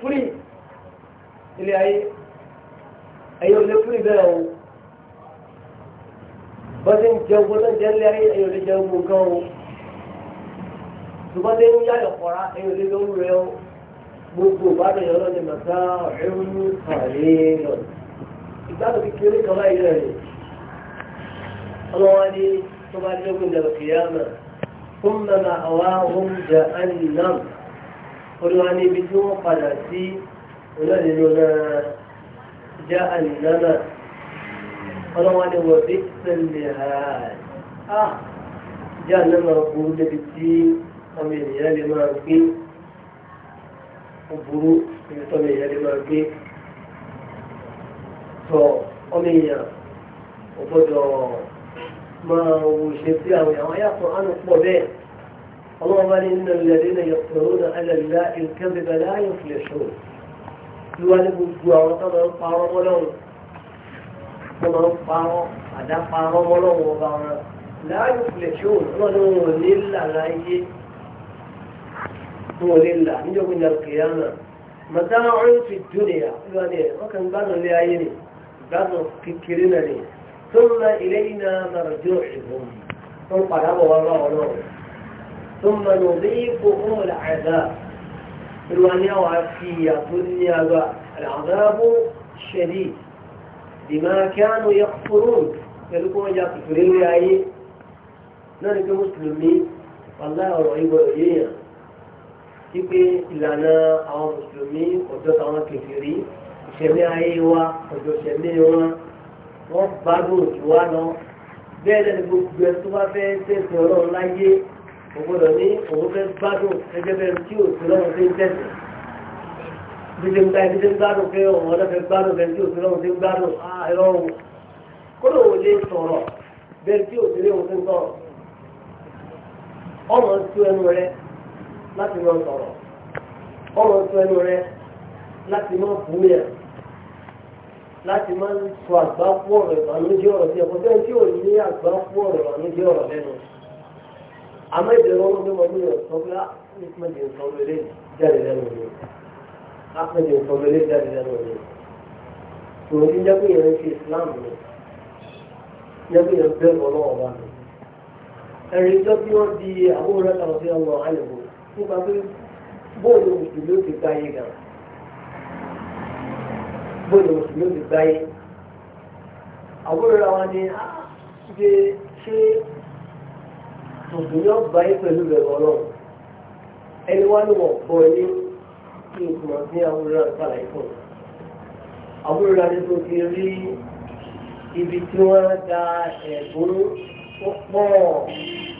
fúrì ilé ayé ẹ̀yọ́ ilé fúrì bẹ́ẹ̀ o bọ́sí ń jẹ ogun tó ń jẹ ńlẹ̀ ayé ẹ̀yọ̀ lè jẹ ogun gan o ṣùgbọ́n tó ń yá ìkọ̀ra ẹ̀yọ̀ lè lóhùn rẹ o gbogbo ìbádọ̀ yọ̀ lọ́dẹ màtá ẹ̀rú kàlẹ́ lọ ìgbádùn kékeré kan láyé rẹ̀ ni ọlọ́wọ́ ni tó bá jẹ́ ogun ìjọba kìyàmà fún mẹ́ma àwa oúnjẹ ànínàm olúwa ní ibi tí wọ́n padà sí olóòdì lọ́nà jẹ́ ànínàmà فرواني وبئس المهاد آه جعلنا مربوطة بالدين قمي يا لما بكين وبرو قمي يا لما بكين تو قمي يا وبدو ما هو شفتي أو يعني يا قرآن قبين الله قال إن الذين يقترون على الله الكذب لا يفلحون يوالبوا الجوع وطبعوا الطعام ولون wọ́n máa ń parọ́ àdáparọ́ mọ́lọ́wọ́ ọba wọn láàyò fìlẹ̀ṣọ́ wọn ni wọn ò ní là láyé wọn ò ní là níjọba ìjà kìíyàmà màtá ọ̀rẹ́ ti dúnìyà ìwà ni wọ́n kàn gbádùn lé ayé ni gbádùn kékeré náà ni tó ń ma ilé yìí náà jọ ìbọn tó ń padà bọ̀ wọn lọ́wọ́ náà tó ń ma ní òbí ipò fún ọ̀là àdá ìwà ni àwọn àfihàn tó ní àgbà àdáàbò ṣẹlẹ̀ بما كانوا يكفرون pẹ̀lú kó wọ́n ya kìfèrè lórí ayé náà ni pé mùsùlùmí wàláhì ọ̀rọ̀ ìgbọ̀ èèyàn tí pé ìlànà àwọn mùsùlùmí ọ̀dọ́ táwọn kìfèrè ìṣẹ̀lẹ̀ ayé wa ọ̀dọ̀ ìṣẹ̀lẹ̀ wọn wọ́n bá lóò jù wá lọ bẹ́ẹ̀ lẹ́nu gbogbo ẹ̀ tó bá fẹ́ tẹ̀sí ọlọ́run láyé ògbọ́dọ̀ ní òun fẹ́ gbádùn ẹgbẹ́ bẹ́ẹ̀ tí ò sí lọ́run tó ń bídé ń gba ẹbí tí ń gbádùn pé ọmọ ọdọ fẹ́ gbádùn bẹ́ẹ̀ tí òfin ọhún ti ń gbádùn ẹrọ ọhún kódà ò lè sọ̀rọ̀ bẹ́ẹ̀ tí òfin ọhún ti ń sọ̀rọ̀ ọmọ ń tú ẹnu rẹ̀ láti máa sọ̀rọ̀ ọmọ ń tú ẹnu rẹ̀ láti máa bú yẹn láti máa sọ àgbákú ọ̀rọ̀ ìbànújẹ́ ọ̀rọ̀ sí ẹ̀kọ́ bẹ́ẹ̀ tí ò ní àgbákú ọ̀rọ̀ ìbànújẹ́ ọ̀rọ̀ lẹ́nu àmọ́ ìbẹ̀rù ọmọdé wọn ah, ní ọ̀sán bí wọ́n ti máa jẹ́ ìsọ̀rọ̀ eléyìí jáde lẹ́nu mi ápẹ́lẹ̀ nǹkan lórí jáde lẹ́nu ni tòun ti jẹ́ pé yẹn ń ṣe Islam ni jẹ́ pé yẹn bẹ́ẹ̀ lọ́wọ́ ọba mi ẹ̀rí tó bí wọ́n di àbúrò rẹ̀ kàwé sí ọmọ àyẹ̀wò nípa pé bóòlù mùsùlùmí ó ti gbáyé gan bóòlù mùsùlùmí ó ti gbáyé àbúrò rẹ̀ wọn ni á ah, ṣe ṣe mùsùlùmí do gbáyé pẹ̀lú rẹ̀ ọlọ́run the wá Anyone who bọ̀ ní tí o kùnà sí àwòrán ìpàlàyé fún un. àwòrán ni tó ti rí ibi tí wọ́n da ẹ̀bùn tó pọ̀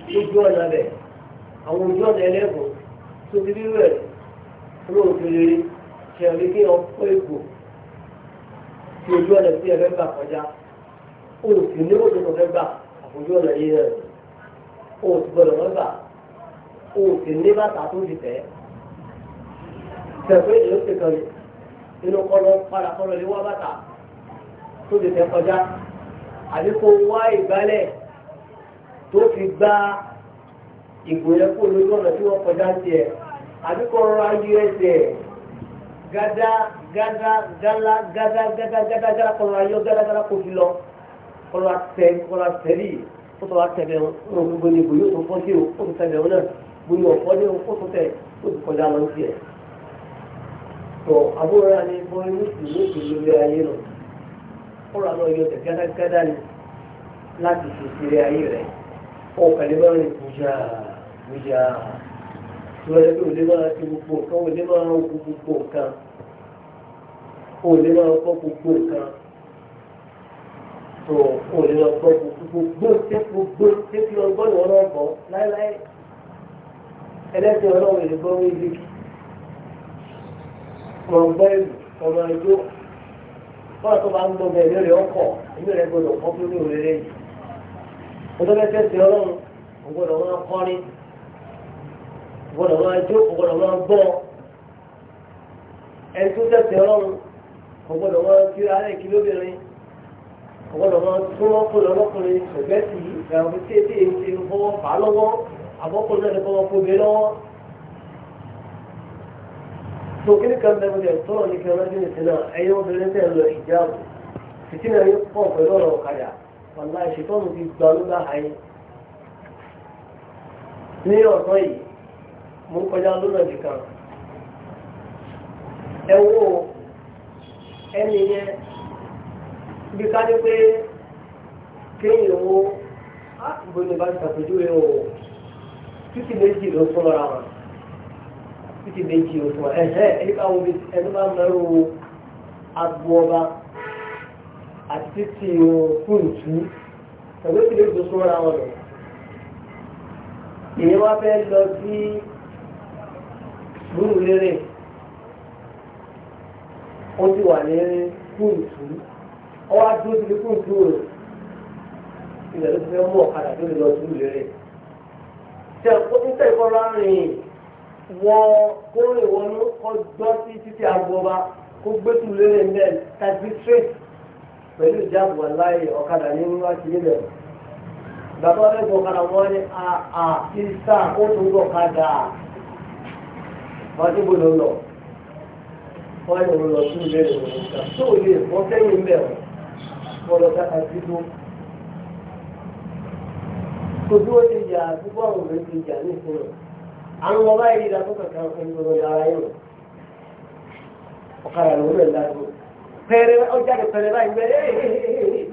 lójú ọ̀nà rẹ̀ àwọn ojú ọ̀nà ẹlẹ́gùn tó ti rí rẹ̀ olóòtúlé ṣẹ̀rí kí wọ́n kó ègbò tí ojú ọ̀nà tí ẹ̀fẹ́ gbà kọjá o sì ní òjò tó fẹ́ gbà àfojú ọ̀nà yìí rẹ̀ o sì gbọ́dọ̀ wọ́n gbà o sì ní bàtà tó ti tẹ̀ ẹ́ tẹ̀pẹ́ èyí ó ti kàn ní inú kọlọ padà kọlọ lè wá bàtà tó ti tẹ̀ kọjá àbí kó wá ìgbálẹ̀ tó fi gbá ìgò yẹn kó lójú ọ̀nà tí wọ́n kọjá tiẹ̀ àbí kó rọra yí ẹsẹ̀ gada gada gala gada gada gada gada kọlọ ayọ gada gada kó fi lọ kọlọ atẹ kọlọ atẹlí ó sọ wá tẹ̀lé wọn ó gbogbo ní ìgò yóò tó fọ́ sí o ó tó tẹ̀lé wọn náà gbogbo ọ̀fọ́ ní o ó tó tẹ̀ ó ti kọjá lọ sí ẹ̀ tó àbúrò yà ni mo ní mùsùlùmí kì í lórí ayé lọ ó rà lọ yọ tẹ̀gádàgádà ni láti fi sílé ayé rẹ̀ ó kàlẹ́ bá rìn bùjà bùjà tó yẹ kí òde máa ti gbogbo nǹkan òde máa ń gbogbo nǹkan òde máa kọ́ gbogbo nǹkan tó òde máa kọ́ gbogbo tẹ́kù gbogbo tẹ́kù ọgbọ́n ìwọ́n náà bọ̀ láéláé ẹlẹ́sìn ọlọ́run ìdìbò ń rí bíi mọ̀ ń gbọ́ ìlú ọmọ ẹjọ́ fọ́nà tó bá ń gbọ́ bẹ́ẹ̀ lórí ọkọ̀ inú rẹ̀ gbọ́dọ̀ kọ́ bí olú rere yìí ọdọ́bẹ́sẹ̀ sí ọlọ́run ọgbọ́dọ̀ wọn kọ́rin ọgbọ́dọ̀ wọn jó ọgbọ́dọ̀ wọn gbọ́ ẹni tó tẹ̀sẹ̀ ọlọ́run ọgbọ́dọ̀ wọn kí alẹ́ kí lóbìnrin ọgbọ́dọ̀ wọn tún ọkùnrin ọlọ́kùnrin ṣọ̀gbẹ́sì ẹ̀rọ fi tẹ́ tó kí ní kan bẹ́ẹ̀ bẹ́ẹ̀ tọ́rọ̀ ní kí ọlọ́dún ní sinna ẹ̀yin obìnrin tẹ̀ lọ ìjáàbù fìtínà yìí pọ̀ pẹ̀lú ọ̀rọ̀ ọ̀kadà wàlá ìṣètọ́nù ti gbà ló bá ayé. ní ọ̀sán yìí mo ń kọjá lọ́nà nìkan ẹ wo ẹni yẹn bí ká ní pé kéèyàn wo ìbò ní bá ti ṣàpèjúwe o títí méjì ló fún ọ̀ra wọn títí méjì oṣù ẹ̀hẹ́ ẹ̀ríkà wo bí ẹni máa mẹ́rù agbo ọba àti títí fún ìtú ẹ̀gbẹ́ tí lè gbé sóra wọn lọ. èyí wá fẹ́ lọ sí sùúrù lérè ó ti wà ní fún ìtú ọ wá dúró sí fún ìtú rẹ̀ ìgbà tó ti fẹ́ mú ọ̀kadà tó lè lọ sùúrù lérè. tẹ̀ ọ́ níta ìfọ̀rọ̀ àárín yìí. wọ kó ìwọnú n'ụkọ sí títí agbọba kó gbẹ́tù lérè ń bẹ́ẹ̀ tàbí straight pẹ̀lú ìjáàbù aláì ọ̀kadà ní bàbá wọn ọ̀kadà wọn ni àà ìsà ó ti gbọ́dọ̀ lọ wọn ni òun lọ sí ilé rẹ̀ wọn ìgbà tó lè fọ́ sẹ́yìn lọ àwọn ọmọ báyìí ìdá tó kàkà ń gbogbo ara yẹn lọ ọ̀kadà lòún lẹ̀ lágbo pẹ̀rẹ̀ ọjà lè pẹ̀rẹ̀ báyìí pẹ̀rẹ̀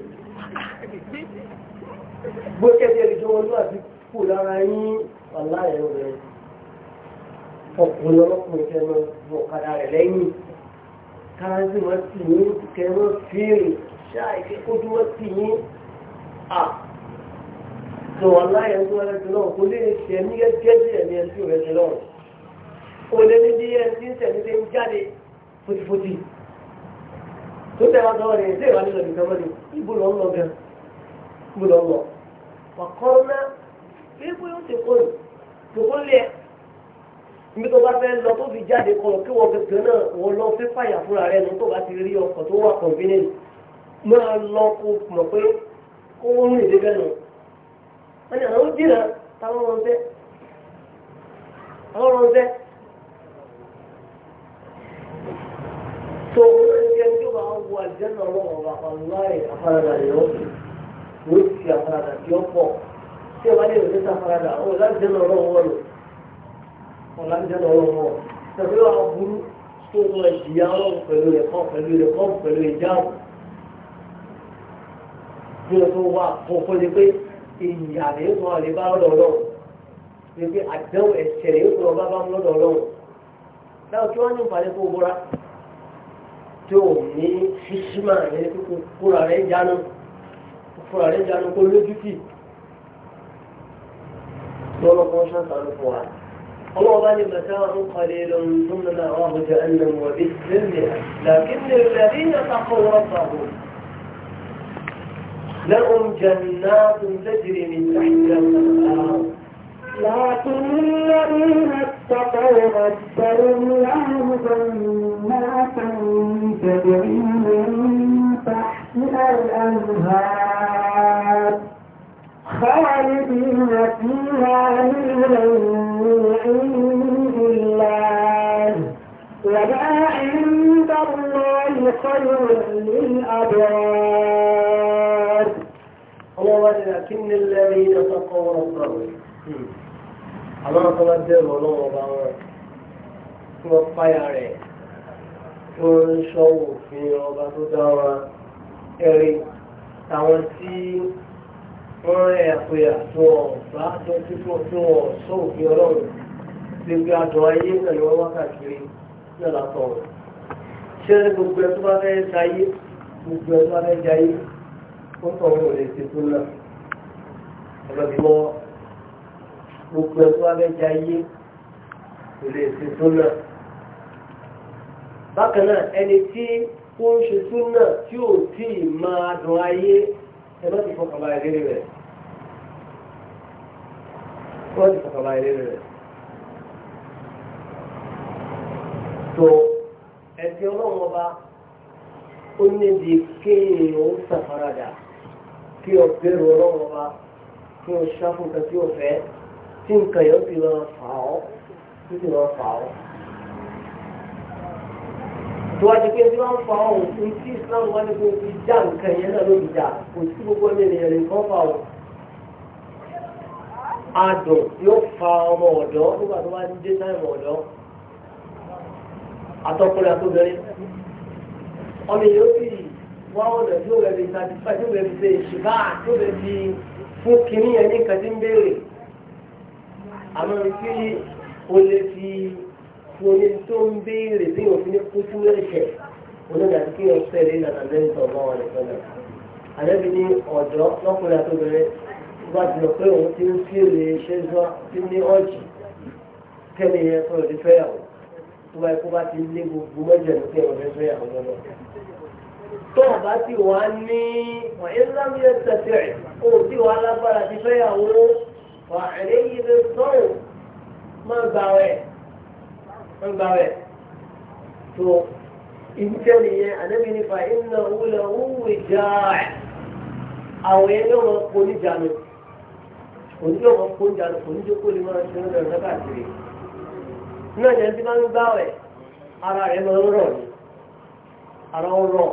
bó kẹ́sì ẹ̀rí tó wọnú àti kù lára yín ọ̀la ẹ̀rọ rẹ̀ ọkùnrin ọlọ́kùnrin kẹ́ mọ́ ọ̀kadà rẹ̀ lẹ́yìn káàzì wọ́n ti yín kẹ́ fíìrì ṣáà ìkékòjú wọ́n ti yín tó aláyẹ̀ tó ẹ̀rẹ́ tó náà kò lè ṣe ẹ̀mí gẹ́gẹ́ bí ẹ̀mí ẹ̀ tí ò rẹ̀ ṣe náà kò lè ní bí ẹ̀ tí ń tẹ̀lé ṣe ń jáde fotifoti tó tẹ̀wá sọ́wọ́ rẹ̀ ṣé ìwà nílò nìkan mọ́ni ibù lọ́ lọ gan ibù lọ́ lọ wàkọ́rọ́ náà bí ibù yóò ṣe kóòlù tó kó lẹ̀ níbi tó bá fẹ́ lọ tó fi jáde kọlọ̀ kí wọ́n gẹ̀gẹ̀ náà wọ́n lọ fẹ́ fàyà wà convenient máa lọ wọ́n àwọn ó dìrà táwọn ọ̀rọ̀ ṣẹ́ àwọn ọ̀rọ̀ ṣẹ́ tó ẹgbẹ́ tó bá wọ àjẹ́nà ọlọ́wọ́ bá ọláì afárádà yóò yóò fi afárádà tí ó pọ̀ tí ẹ bá lè rẹ̀ sí afárádà ó láti jẹ́nà ọlọ́wọ́ rẹ̀ ó láti jẹ́nà ọlọ́wọ́ tàbí wàá burú tó wọ ìyá ọlọ́wọ́ pẹ̀lú rẹ̀ kọ́ pẹ̀lú rẹ̀ kọ́ pẹ̀lú ìjáàbù bí wọ́n tó wà fún fún ìyà rẹ̀ sọ àlè bá lọ́dọ̀ ọlọ́run pépé àdéhùn ẹ̀ṣẹ̀ rẹ̀ sọ bá bá lọ́dọ̀ ọlọ́run láwọn tí wọ́n ní ìpàdé kó bóra tí ò ní ṣíṣímà rẹ̀ kó kóra rẹ̀ jánu kóra rẹ̀ jánu kó lójútì lọ́rọ̀ kan ṣàǹtàlù fún wa. الله بني متاع قليل ثم نراه جهنم وبئس المهاد لكن الذين اتقوا ربهم لهم جنات تجري من تحت الأنهار لكن الذين اتقوا ربهم لهم جنات تجري من تحتها الأنهار خالدين فيها من عند الله وما عند الله خير للأبرار ولكن الذين تقوا ربهم àwọn akọ́lá bẹ̀rù ọlọ́wọ́ ọba wọn tí wọ́n páyà rẹ̀ tí wọ́n ń ṣọ́wọ́ òfin ọba tó dá wọn ẹ̀rí táwọn tí wọ́n rẹ̀ àpòyà tó ọ̀bá tó títún tí wọ́n ṣọ́ òfin ọlọ́run lè gbé adùn ayé pẹ̀lú wọn wákàkiri náà látọ̀ wọn. ṣé gbogbo ẹ̀ tó bá fẹ́ ṣayé gbogbo ẹ̀ tó bá fẹ́ ṣayé ó tọ̀ wọn ò lè ṣe tó náà ọlọ́dúnmọ́ gbogbo ẹ̀ tó wá bẹ́ẹ̀ já yé kò lè ṣe tó náà bákan ẹni tí ó ń ṣe tó náà tí ò tí ì máa dùn ayé ẹ má ti fọkàn bá ẹlẹ́rìí rẹ̀ wọ́n ti fọkàn bá ẹlẹ́rìí rẹ̀ tó ẹ̀sìn ọlọ́run ọba ó níbi kéèyàn ó ṣàfaradà kí o bẹ̀rù ọlọ́run kí o ṣá fún nǹkan o fẹ́ tí nǹkan yóò ti lọ fà ọ́ tí ti lọ tó wájú pé tí wọ́n fa ọ́ tí Islam wá ní kó fi já nǹkan yẹn náà lóbi já kò sí gbogbo ẹni ènìyàn lè kọ́ fa adùn yóò fa ọmọ ọ̀dọ́ nígbà tó bá ń dé táìmù ọ̀dọ́ àtọkùnrin àtọbìnrin ọmọ èèyàn ó wọ́n ó lọ yóò lẹ́bi satisfy yóò lẹ́bi ṣe ìṣìbá yóò lẹ́bi fún kínní yẹn ní kàdí ń béèrè àmọ́ tí o lè fi fún oní tó ń béèrè bí òfin ní kú sínú ẹ̀ṣẹ̀ olóògbé àti kí wọ́n tẹ̀lé ìlànà lẹ́yìn tó ọmọ wọn nìkan náà àlẹ́bí ní ọ̀dọ́ lọ́kùnrin àtòbìnrin bá ti lọ pé òun ti ń fèrè iṣẹ́ ti ní ọ̀jì kẹ́lẹ́ yẹn sọ̀rọ̀ ní fẹ́yàwó tó bá bá ti lé gbogbo mẹ́jẹ̀ lókè ọ̀rẹ́ fẹ́yàwó lọ́nà tó o bá ti wà ní ìlànà yẹn tẹ̀sẹ̀ o ti wà lágbára ti fẹ́ yàwó wà ẹ̀rẹ́ yìí lè sọ̀rọ̀ máa gbà wẹ̀ máa gbà wẹ̀ tó ìjẹ́ nìyẹn ànábi nípa iná wúlẹ̀ wúwú ìjà àwọn yẹn ló máa kó níjà lọ òní ló máa kó lè máa ṣe lọ́dọ̀ ọ̀dọ́ káàkiri náà yẹn ti máa ń gbà wẹ̀ ara rẹ̀ máa ń rọ̀ ni ara ń rọ̀.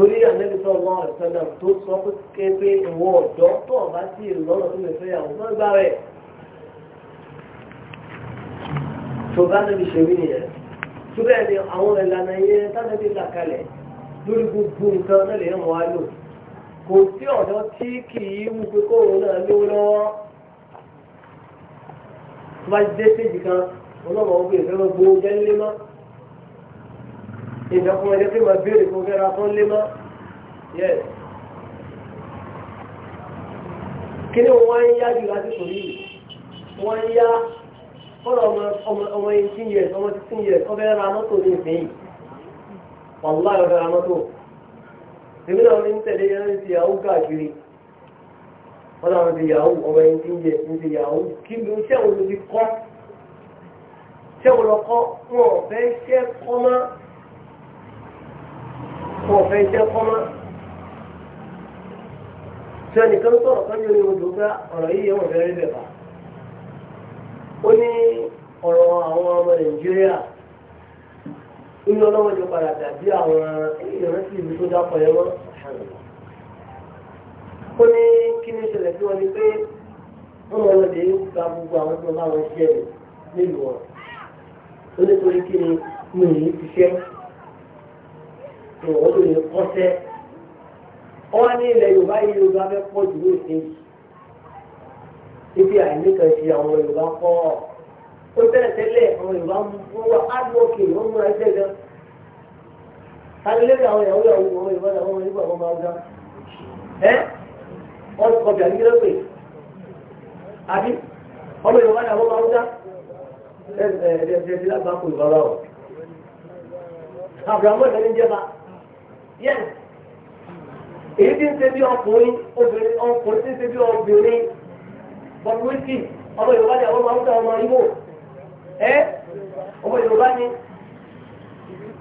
torí ànábi sọ ọmọ rẹ sọdọ tó sọ pé pé ìwọ ọ̀dọ́ tó ọba sí ìlú lọ́nà tó lè fẹ́ yàwó náà gbá rẹ tó bá nàbí ṣe wí nìyẹn tó bẹ́ẹ̀ ni àwọn ìlànà yẹn tánàbí là kalẹ̀ lórí gbogbo nǹkan náà lè yẹn wọ́n á lò kò sí ọ̀dọ́ tí kì í wù pé kóòrò náà lówó lọ́wọ́ tó bá dé séjì kan ọlọ́mọ ọgbẹ́ ìfẹ́ ìdàkùn ẹ̀jẹ̀ pé màá béèrè fún fẹ́ra tó ń lé mọ́ yẹ. kí ni wọ́n ń yá jù lásìkò yìí wọ́n ń yá fọ́nà ọmọ eighteen years ọmọ sixteen years ọbẹ̀ ra mọ́tò ní ìsìn yìí wàhálà ọbẹ̀ ra mọ́tò èmi náà ní tẹ̀lé yẹn ń ti yahoo káàkiri wọ́n náà ti yahoo ọmọ eighteen years ń ti yahoo kí ló ń ṣẹ́wọ̀n ti kọ́ ṣẹ́wọ̀n lọ kọ́ wọn ò fẹ́ kọ́ máa wọn fẹ́ jẹ́ kọ́mọ́ tí ẹnìkan sọ̀rọ̀ kan yóò yóò dùn pé ọ̀rọ̀ yìí yẹn wọ́n fẹ́ rí bẹ̀ bá ó ní ọ̀rọ̀ àwọn ọmọ nàìjíríà inú ọlọ́wọ́ ti padà dàbí àwọn ìrántí ìlú tó dápọ̀ yẹn wọ́n ó ní kí ni ìṣẹ̀lẹ̀ tí wọ́n ní pé wọ́n lọ lọ́dẹ gba gbogbo àwọn tí wọ́n bá wọn ṣiṣẹ́ nílùú wọn ó ní torí kí ni mi ò ní ṣiṣẹ́. tó wọ́n lè kọ́sẹ́ wọ́n ní ilẹ̀ yorùbá yìí yorùbá fẹ́ pọ̀ jù ní ìsìn ibi àìníkan ti àwọn yorùbá ó àwọn yorùbá mú wa adókè wọ́n múra gan àwọn ìyàwó àwọn yorùbá kọ bí àdínkìlẹ́ pé àbí ọmọ yorùbá àwọn ọmọ ọjà ẹ̀ẹ́dẹ̀ẹ́dẹ́ lágbàkùn yorùbá wa ọ̀ àbúrò yẹn èyí tí ń ṣe bí ọkùnrin obìnrin ọkùnrin tí ń ṣe bí obìnrin bọ̀dúwìtì ọmọ Yorùbá ni àwọn máa ń tẹ ọmọ Ìgbò ẹ ọmọ Yorùbá ni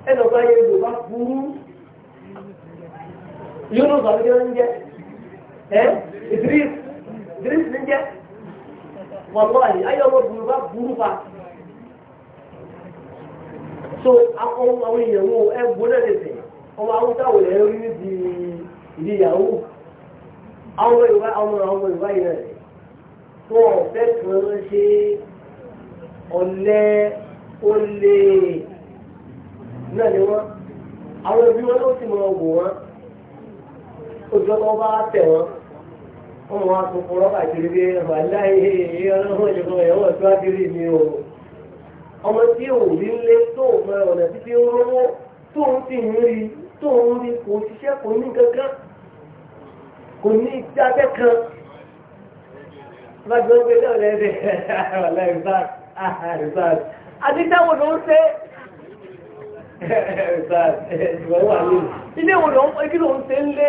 ẹnì ọgbà yẹn Yorùbá burú yóò lọ sọ àbíkẹ́ ń jẹ ẹ Idris Idris ń jẹ wọ́pọ̀ ayé ọmọ Yorùbá burú pa so àwọn èèyàn wo ẹ gbọ́dọ̀ lè sè ọmọ awúsá wò lẹ́ rí níbi ìdí ìyàwó ọmọ ìwá àwọn ọmọ ìwá yìí rẹ̀ tó ọ̀fẹ́ kan ṣe ọ̀lẹ olè náà ni wọ́n àwọn òbí wọn ló sì mọ ọgbọ wọn ojú ọmọ bá tẹ̀ wọ́n wọ́n wá tó fún rọ́bà kiri bí ẹ̀fà láyé ọlọ́run ìjọba ẹ̀wọ̀n tó wá kiri mi o ọmọ tí òbí ń lé tó òfin ọ̀nà títí ń rówó tó ń sì ń rí tó ń rí kò ṣiṣẹ́ kò ní kankan kò ní ìdábẹ́ kan láti wọ́n gbé náà lẹ́ẹ̀dẹ̀ rìsáàtì àti táwọn ló ń ṣe rìsáàtì ìwọ̀n wà ní ilé wo ló ń ṣe ń lé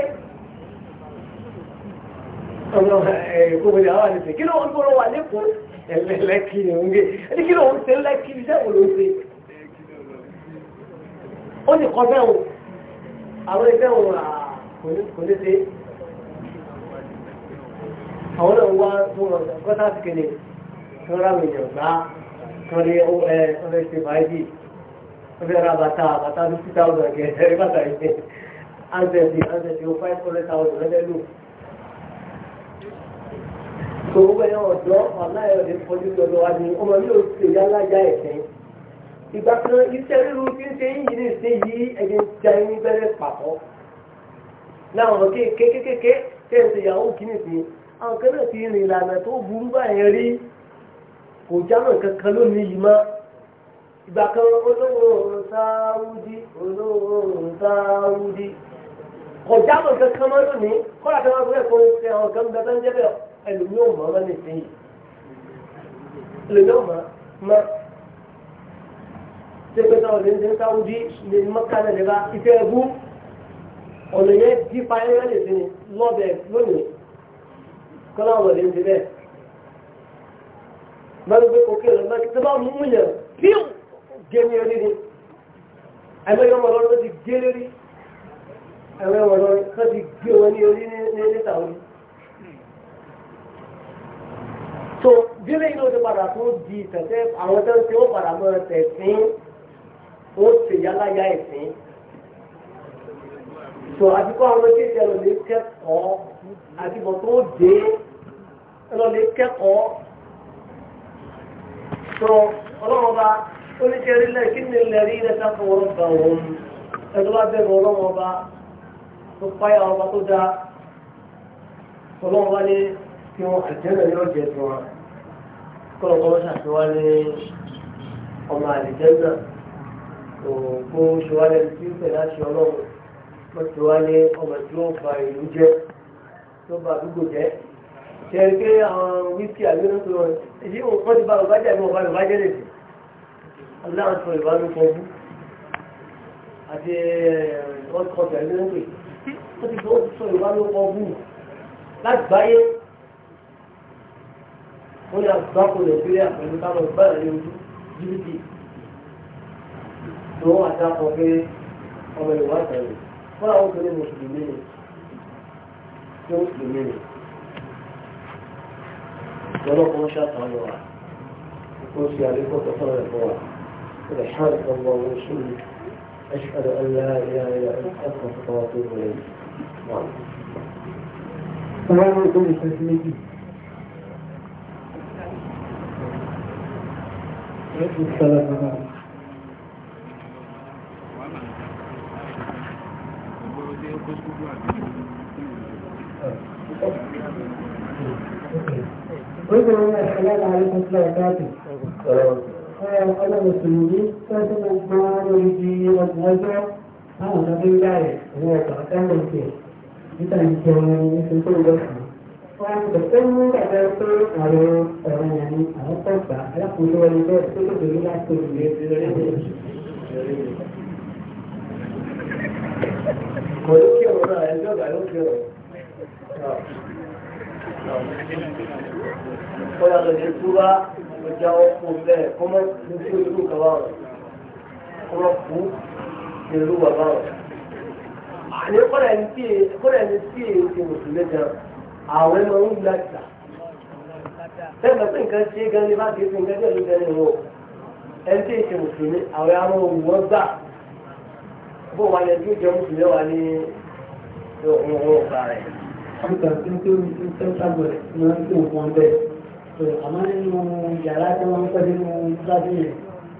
kókòdì eh, àwọn àdìsẹ̀ kí ló ń gbọ́rọ̀ wà lẹ́kùn ẹ̀lẹ́lẹ́kì ni ó ń gbé ẹni kí ló ń ṣe lẹ́kì iṣẹ́ wo ló ń ṣe ó ní kọ́ bẹ́ẹ̀ àwọn ẹgbẹ́ òun à kò ní ṣe àwọn náà wá tó wọn kọ́tà sí kéde tó rà wọ́n èèyàn gbá tó lé ó ẹ ọ̀rẹ́ ṣe báyìí ó fẹ́ ra bàtà bàtà ní two thousand kẹ ẹ̀rí bàtà yìí ansẹ̀tì ansẹ̀tì ó five hundred thousand lẹ́lẹ́ lò. tó gbogbo ẹ̀yàn ọ̀dọ́ ọ̀la ẹ̀rọ lè fọjú ni ọmọ mi ò ṣe yálà ìgbà kan iṣẹ́ ríru tí ń ṣe yìí ní ìṣe yìí ẹ̀yìn ja ẹni bẹ́rẹ̀ pàtó láwọn ọ̀rọ̀ kéékèèké tẹ́ ẹ̀ ṣe ìyàwó kìíní sí àwọn kan náà ti rìn ìlànà tó burú báyẹn rí kò jámọ̀ kankan lónìí yìí mọ́ ìgbà kan olówó sáwúdí olówó sáwúdí kò jámọ̀ kankan mọ́ lónìí kọ́lá kan wá gbé ẹ̀kọ́ ṣe àwọn ṣé pé táwọn lè ń ṣe sáwùdí lè mọ́ká náà lè bá iṣẹ́ ẹbú ọ̀nà yẹn ti pa ẹ̀rọ lè fi lọ́bẹ̀ lónìí kọ́ láwọn lè ń ṣe bẹ́ẹ̀. báwo pé kò kéèrè lọ́mọ tó bá mú yàn píù gé ní orí ni ẹgbẹ́ yọmọ lọ́rọ́ ti gé lórí ẹgbẹ́ yọmọ lọ́rọ́ tó ti gé wọn ní orí ní ní sáwùdí. tó bí lẹ́yìn ló ti padà tó di tẹ̀sẹ̀ àwọn tó ń ṣe ó ṣe yálàyà ẹ̀sìn tó àbíkọ́ àwọn méjèèjì ẹ̀ lọ́lẹ́ kẹ́kọ̀ọ́ àbíkọ́ tó dé ẹ̀ lọ́lẹ́ kẹ́kọ̀ọ́ tó ọlọ́wọ́n bá ó ní kẹrí lẹ́ kí ni lẹ́rí rẹ̀ sáfọ̀ wọ́n bá wọn ẹ̀ tó bá bẹ̀rù ọlọ́wọ́n bá tó páyà ọba tó dáa ọlọ́wọ́n bá ní kí wọ́n àjẹ́rẹ̀ yóò jẹ fún wa kọ́ ọ̀kọ́ ní ọmọ àlìjẹ́ náà kó ṣọwálẹ̀ tí ó tẹ̀lé aṣọ ọlọ́run wọ́n ti wá ní ọmọ tí ó fa ìlú jẹ́ tó ba àdúgbò jẹ́ ṣe pé àwọn wíṣí àgbẹ̀rẹ̀ tó rọrùn èyí wọ́n ti ba Yorùbá jẹ́ àbí wọ́n ba Yorùbá jẹ́ lè dì aláwọ̀ sọ Yorùbá ló kọ bú àti eh, wọ́n ti kọ sí àgbẹ̀rẹ̀ pé wọ́n ti sọ Yorùbá ló kọ bú lágbàáyé wọ́n ní àgbákò Nàìjíríà táwọn ìgbà rẹ̀ jìbìtì tó wọ́n àti akọ pé ọmọ ìwà tẹ̀lé fún àwọn obìnrin mùsùlùmí ni tí ó mùsùlùmí ni ìjọlọ́pọ̀ ń ṣàtàn wa ó sì àlékọ́ tọ́tọ́ rẹ̀ fún wa ilẹ̀ ṣáàlì kan wọ́n wọ́n sí ni أشهد أن لا إله إلا أنت أستغفرك وأتوب إليك. نعم. السلام عليكم السلام عليكم ورحمة الله وبركاته. أنا مسلمي كنت مجموعة ولدي وزوجة أنا نبي داعي هو كان ممكن. إذا كان يسلم كل بشر. وأنا بسلم كذلك على يعني على الطبع على كل ولد كل ولد كل ولد. Kọ̀ọ̀lù kí ọ̀rọ̀ náà ẹjọ́ ìgbà ló kí ọ̀rọ̀ ó yàtọ̀ ní túbá ọjà ọkọ̀ bẹ́ẹ̀ kó mọ́ kú sí olú kaba wọn kó mọ́ kú sí olú bàbá wọn. àní kọ́lẹ̀ ní tí ti mùsùlùmí gan àwọn ẹni wọn ń gba ìgbà. bẹ́ẹ̀ bá pé nǹkan ṣe gan ni bá ti fi nǹkan jẹ́ ìlú gan ni wọn ẹni tí ti mùsùlùmí àwọn ẹni wọn wù wọ́n gbà bó wà ní ẹni tí ó jẹ́ mùsùlùmí wà ní ọ̀hún ọ̀hún ọ̀gbà rẹ̀ nígbà tí ó ń tẹ́ sábẹ̀rẹ̀ ní wọ́n tí òun bẹ́ẹ̀ tó àmọ́ nínú yàrá tí wọ́n ń pẹ́ nínú gbájú yẹn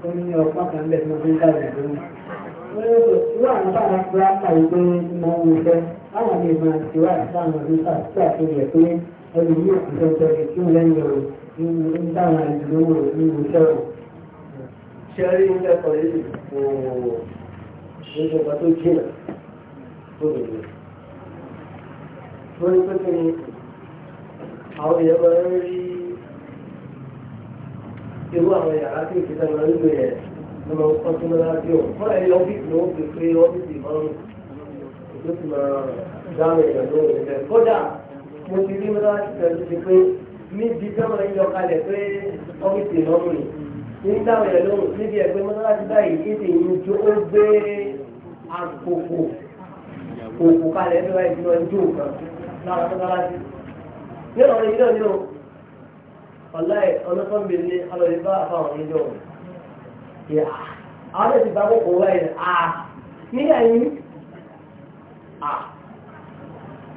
ó ní ọpá kan bẹ́ẹ̀ tí wọ́n fi ń dàgbà lónìí. wọ́n yóò tó irú àwọn bá wọn fura kàwé pé máa ń wọṣẹ́ láwọn lè wọ́n ní pẹ́kẹ́ ni àwọn èèyàn máa ń rí irú àwọn yàrá tí òkúta máa ń lò yẹn ló máa ń kọ́ sí mọ́lá bí òun fọ́nà ẹ̀yìn ọ́fíìsì ló ń pè pé ọ́fíìsì máa ń ló ti máa dáhùn èèyàn lóhùn ìfẹ́ kódà mo ti rí mọ́lá ti tẹ̀ ti pé níbi táwọn ẹ̀yìn ọ̀kalẹ̀ pé ọ́fíìsì máa ń lára tó dára sí ní ọ̀rọ̀ yìí náà ní o ọ̀láì ọlọ́sọ̀mbìnrin ní alọ́lẹ̀ bá àfàwọn ẹjọ́ rẹ̀ àwọn ẹ̀sìn bá kókò wáyé rẹ̀ à ní ẹ̀yìn à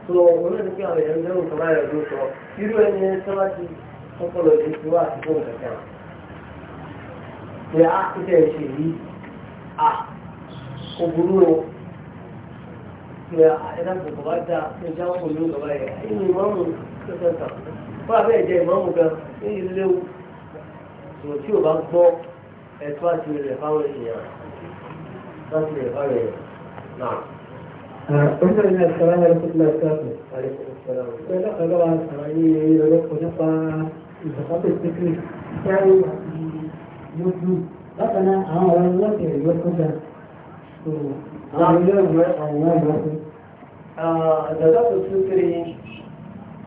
tó òun ní kí àwọn èèyàn lérò tó bá yẹ ló sọ irú ẹni ẹni tó bá ti kọ́kọ́ lọ sí ti wá àtúntò kẹ̀kẹ́ rẹ̀ à ìṣe ìṣe yìí à kò burú o pé ẹ̀dá kò bá dá ẹja wọn ló lọ́wọ́ ẹ̀ inú ìmọ̀mù tó fẹ́ kà fún abẹ́ ìjẹ ìmọ̀mù gan ní ilé wù tòun tí ò bá gbọ́ ẹ̀tọ́ àti rẹ̀ fáwọn èèyàn láti rẹ̀ fáwọn èèyàn náà. Oúnjẹ ilé ìṣẹ́lá ẹ̀rọ tó tilẹ̀ ṣáàtù. Ṣé lọ́kàn lọ́wọ́ àṣàyè ìrọ̀lọ́pọ̀ nípa ìṣàkóso ìpínlẹ̀ Ṣáàrù àti Yóòdù. Bákan náà, àwọn ọ̀rọ̀ ìwọ́sẹ̀ ìwọ́sẹ̀ da za su sukiri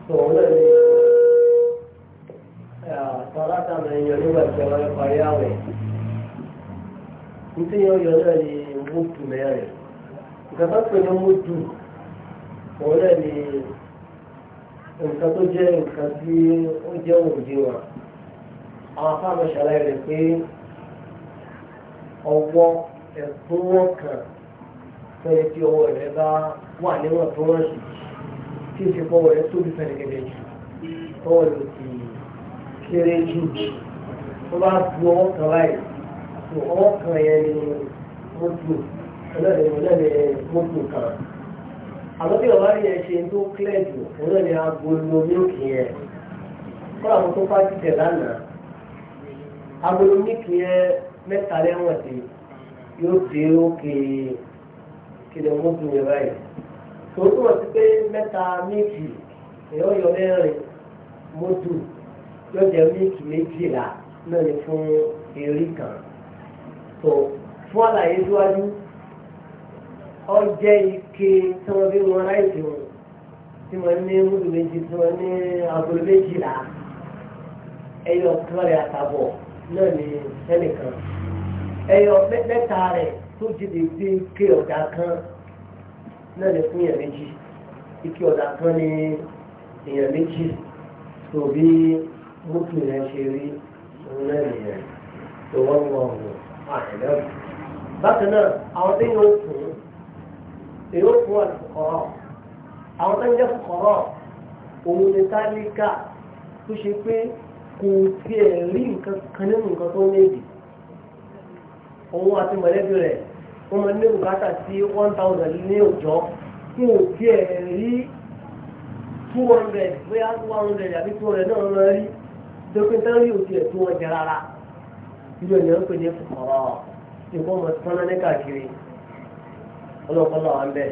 tsoron sarata mai yoruba cewar kwariyawe mutum yau ẹ̀bùn wọn kàn fẹ́ẹ́ tí ọwọ́ rẹ̀ bá wà níwọ̀n tó wọ́n sì tí ó ṣe fọwọ́ rẹ̀ tóbi fẹ́ẹ́ gẹ́gẹ́ jù fọwọ́ rẹ̀ ti kéré jù tó bá bu ọwọ́ kan báyìí tó ọwọ́ kan yẹn ni mọ́tò ọlọ́ọ̀ni ọlọ́ọ̀ni mọ́tò kan àwọn tí ọba yẹn ṣe tó kílẹ̀ jù ọlọ́ọ̀ni agolo mílíkì yẹn kọ́ àwọn tó bá ti tẹ̀ lánàá agolo mílíkì yẹn mẹ́ta lẹ́wọ̀n sí yóò dé òkè kéde mọ́tò yẹn báyìí tó túmọ̀ sí pé mẹ́ta méjì èèyàn yọ mẹ́rin mọ́tò yóò jẹ́ méjì méjìlá náà ni fún eré kan tó fún àlàyé síwájú ọjẹ́ ike tí wọ́n fi wọn láìsí wọn tí wọ́n ní mọ́tò méjì tí wọ́n ní agolo méjìlá ẹ̀yọ̀ tí wọ́n lè àtàbọ̀ náà ni ẹnìkan ẹyọ mẹ́ta rẹ̀ tó jìnnà sí ike ọ̀dà kan náà lè fún èèyàn méjì ike ọ̀dà kan ní èèyàn méjì tó bí mọ́tò yẹn ṣe rí òun náà nìyẹn tó wọ́n wọ̀ ọ̀hún àìlẹ́wò. bákan náà àwọn tí yóò fún èyí ó fún àtìkọ́rọ̀ àwọn tó ń jẹ́ fúkọ́rọ̀ òun ni táyíká tó ṣe pé kò tiẹ̀ rí nǹkan kan nínú nǹkan tó ń lè dì òun àti mọ̀lẹ́bí rẹ̀ wọ́n máa ní bùkátà sí one thousand ní òjọ́ kí wọ́n fi ẹ̀ rí two hundred bóyá one hundred àbí two hundred náà máa rí dókítà rí òtí ẹ̀ tó wọn jẹ rárá ìlú ènìyàn pè ní fọ̀rọ̀ ìkọ́ ọmọ sọ́nà ní káàkiri ọlọ́pọ̀lọ́ wa ń bẹ̀.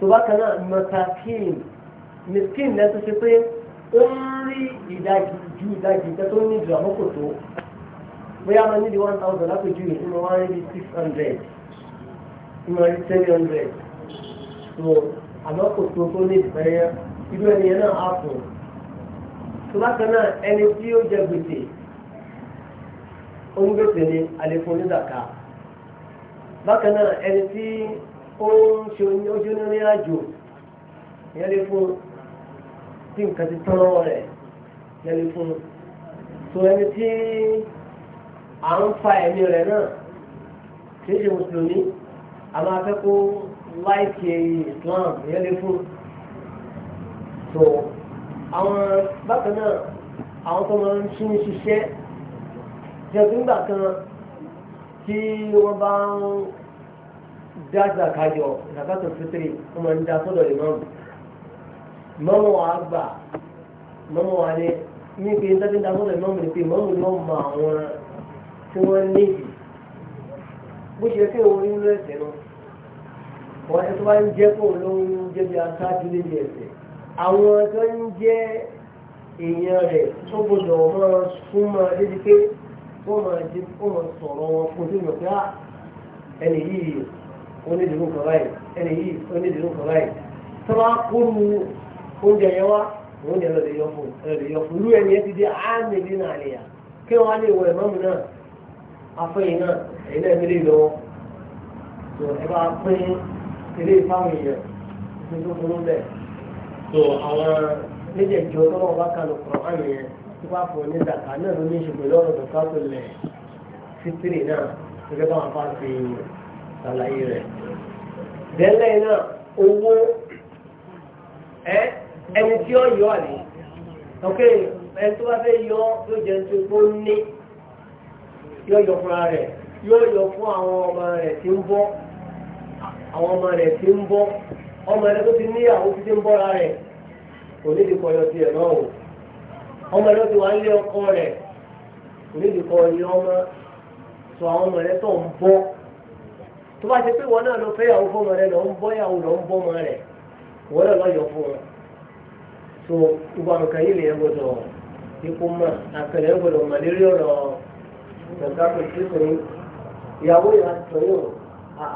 tó bá kan náà mọ́tàkìn miskin lẹ́tọ́ ṣe pé ó ń rí ìdajì ju ìdajì ìtẹ́ ní ìdùnnú àmọ́kòtò bóyá wọn ní di one thousand lápèjúwe tí wọn wá ní di six hundred tí wọn ní seven hundred so àmọ́ kò tó tó ní ìfẹ́yẹ́ irú ẹni yẹn náà á fún tó bá kan náà ẹni tí ó jẹ gbèsè ó ń gbèsè ní àlékún onídàká bákan náà ẹni tí ó ń ṣe ojú ní àjò yẹn lè fún tí nǹkan ti tán lọ́wọ́ rẹ̀ yẹn lè fún so ẹni tí à ń fa ẹ̀mí rẹ̀ náà kì í ṣe mùsùlùmí àwọn akẹ́kọ̀ọ́ láìkì Islam ìyẹn lè fún so àwọn bákan náà àwọn tó máa ń tún ṣiṣẹ́ jẹ̀dún gbà kan tí wọ́n bá ń dá zakajọ zakatọ̀ fitiri wọ́n máa ń dá sọ́dọ̀ ìmọ̀ọ́mù mọ́mọ́ wa gbà mọ́mọ́ wa ní ní pé ń dájú dá sọ́dọ̀ ìmọ̀ọ́mù ni pé mọ́mọ́ ni wọ́n mọ àwọn tí wọ́n ní bó ṣe kí òun nínú ẹ̀sẹ̀ lọ wọ́n ẹni tó bá ń jẹ́ pọ̀ ló ń jẹ́ bí aṣáájú níbi ẹ̀sẹ̀ àwọn tó ń jẹ́ èèyàn rẹ̀ tó gbọdọ̀ máa súnmọ́ débi pé wọ́n máa jẹ́ wọ́n máa sọ̀rọ̀ wọn fún sí ìmọ̀ pé ah, ẹni yìí onídìrú kan báyìí ẹni yìí onídìrú kan báyìí tó bá kó lu oúnjẹ yẹn wá òun lọ lè yọ fún lọ ẹni yẹn ti di ámì dínà àlèyà kí wọ́n á lè wọ ìmọ̀mù náà afẹ́yìn náà ẹ̀yin náà eré lọ tó ẹ bá pín eré fáwọn èèyàn tó tó burú bẹ́ẹ̀ tó àwọn méjèèjì ọlọ́wọ́ bá kanu Kùránì yẹn tó bá fọ ní zaka náà ló ní ìṣègùn lọ́rọ̀ tó ká tó lẹ̀ fitiri náà gẹ́gẹ́ bá wọn bá fi ṣàlàyé rẹ̀. Bẹ́ẹ̀lẹ́ náà owó ẹ ẹni tí ó yọ àlè ọ̀kẹ́ ẹni tó bá fẹ́ yọ yóò jẹun tó ní. yóò yọ fúnra rẹ̀ yóò yọ fún àwọn ọmọ rẹ̀ tí ń bọ́ àwọn ọmọ rẹ̀ tí ń bọ́ ọmọ rẹ̀ tó ti níyàwó ti ń bọ́ra rẹ̀ kò ní ìdíkọ̀ yọ tiẹ̀ náà o ti ń lé ọkọ rẹ̀ kò ní ìdíkọ̀ yọ ọmọ sọ àwọn ọmọ rẹ̀ tó ń bọ́ tó bá ṣe pé wọn náà lọ fẹ́yàwó fọmọ rẹ̀ lọ ń bọ́ yàwó lọ ń bọ́ ọmọ rẹ̀ wọn náà so yìí lè ikú zakato ìṣẹ́sẹ̀ ni ìyàwó yà sọ yóò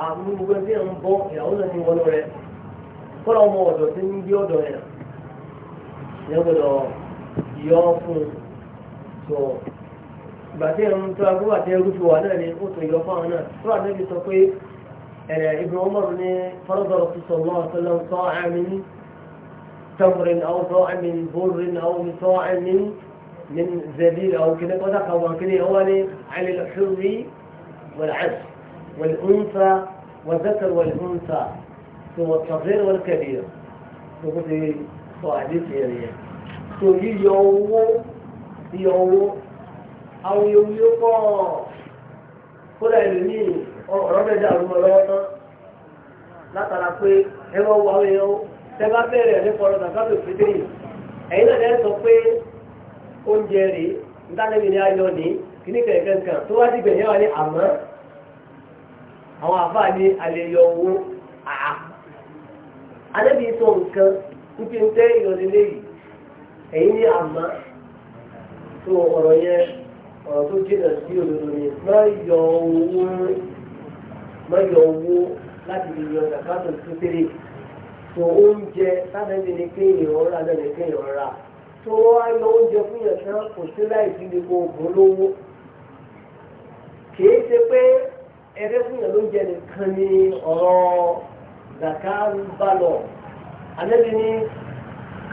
àmúgbẹ́ tí ń bọ́ ìyàwó náà ti wọnú rẹ̀ kọ́lá ọmọ ọ̀dọ̀ tí ń gbé ọ̀dọ̀ yẹn yẹn gbọ́dọ̀ yọ fún un tó ìgbà tí ń tó agbóhùn àti ẹrú fi wà náà ni ó tó yọ fáwọn náà Ibn Umar ní fọ́nrọ́dọ̀rọ̀ ti sọ lọ́wọ́ sọlọ́ sọ àmì tọ́mùrin àwọn sọ àmì na àwọn من زبير أو كذا قدق أو كذا هو على الحر والعبد والأنثى والذكر والأنثى ثم الصغير والكبير تقول صاحبي يعني تقول يو يو أو يو يقا كل علمي ربنا جعل مرانا لا ترى كوي هو هو هو تبقى بيري أنا فرنا كابو فيدري أين أنا سوي oúnjẹ rè ntánẹ́bì ni ayọ̀ ní kíní kẹ̀kẹ́kan tó wá dìgbẹ̀ yẹn wà ní àmọ́ àwọn àfáà ní alẹ́ yọ owó àá anẹ́bì sọ nǹkan níbi ń tẹ́ ìrọ̀lẹ́lẹ́ yìí ẹ̀yìn àmọ́ tó ọ̀rọ̀ yẹn ọ̀rọ̀ tó jìnà sí òdodo ni má yọ owó má yọ owó láti yọ tó oúnjẹ kéèyàn kéèyàn tó wá lọ oúnjẹ fún yàn tán kò sí láìsí ní kò bó lówó kìí ṣe pé ẹrẹ́ fún yàn lóúnjẹ nìkan ni ọ̀rọ̀ zaka ń bá lọ àlẹ́bí ní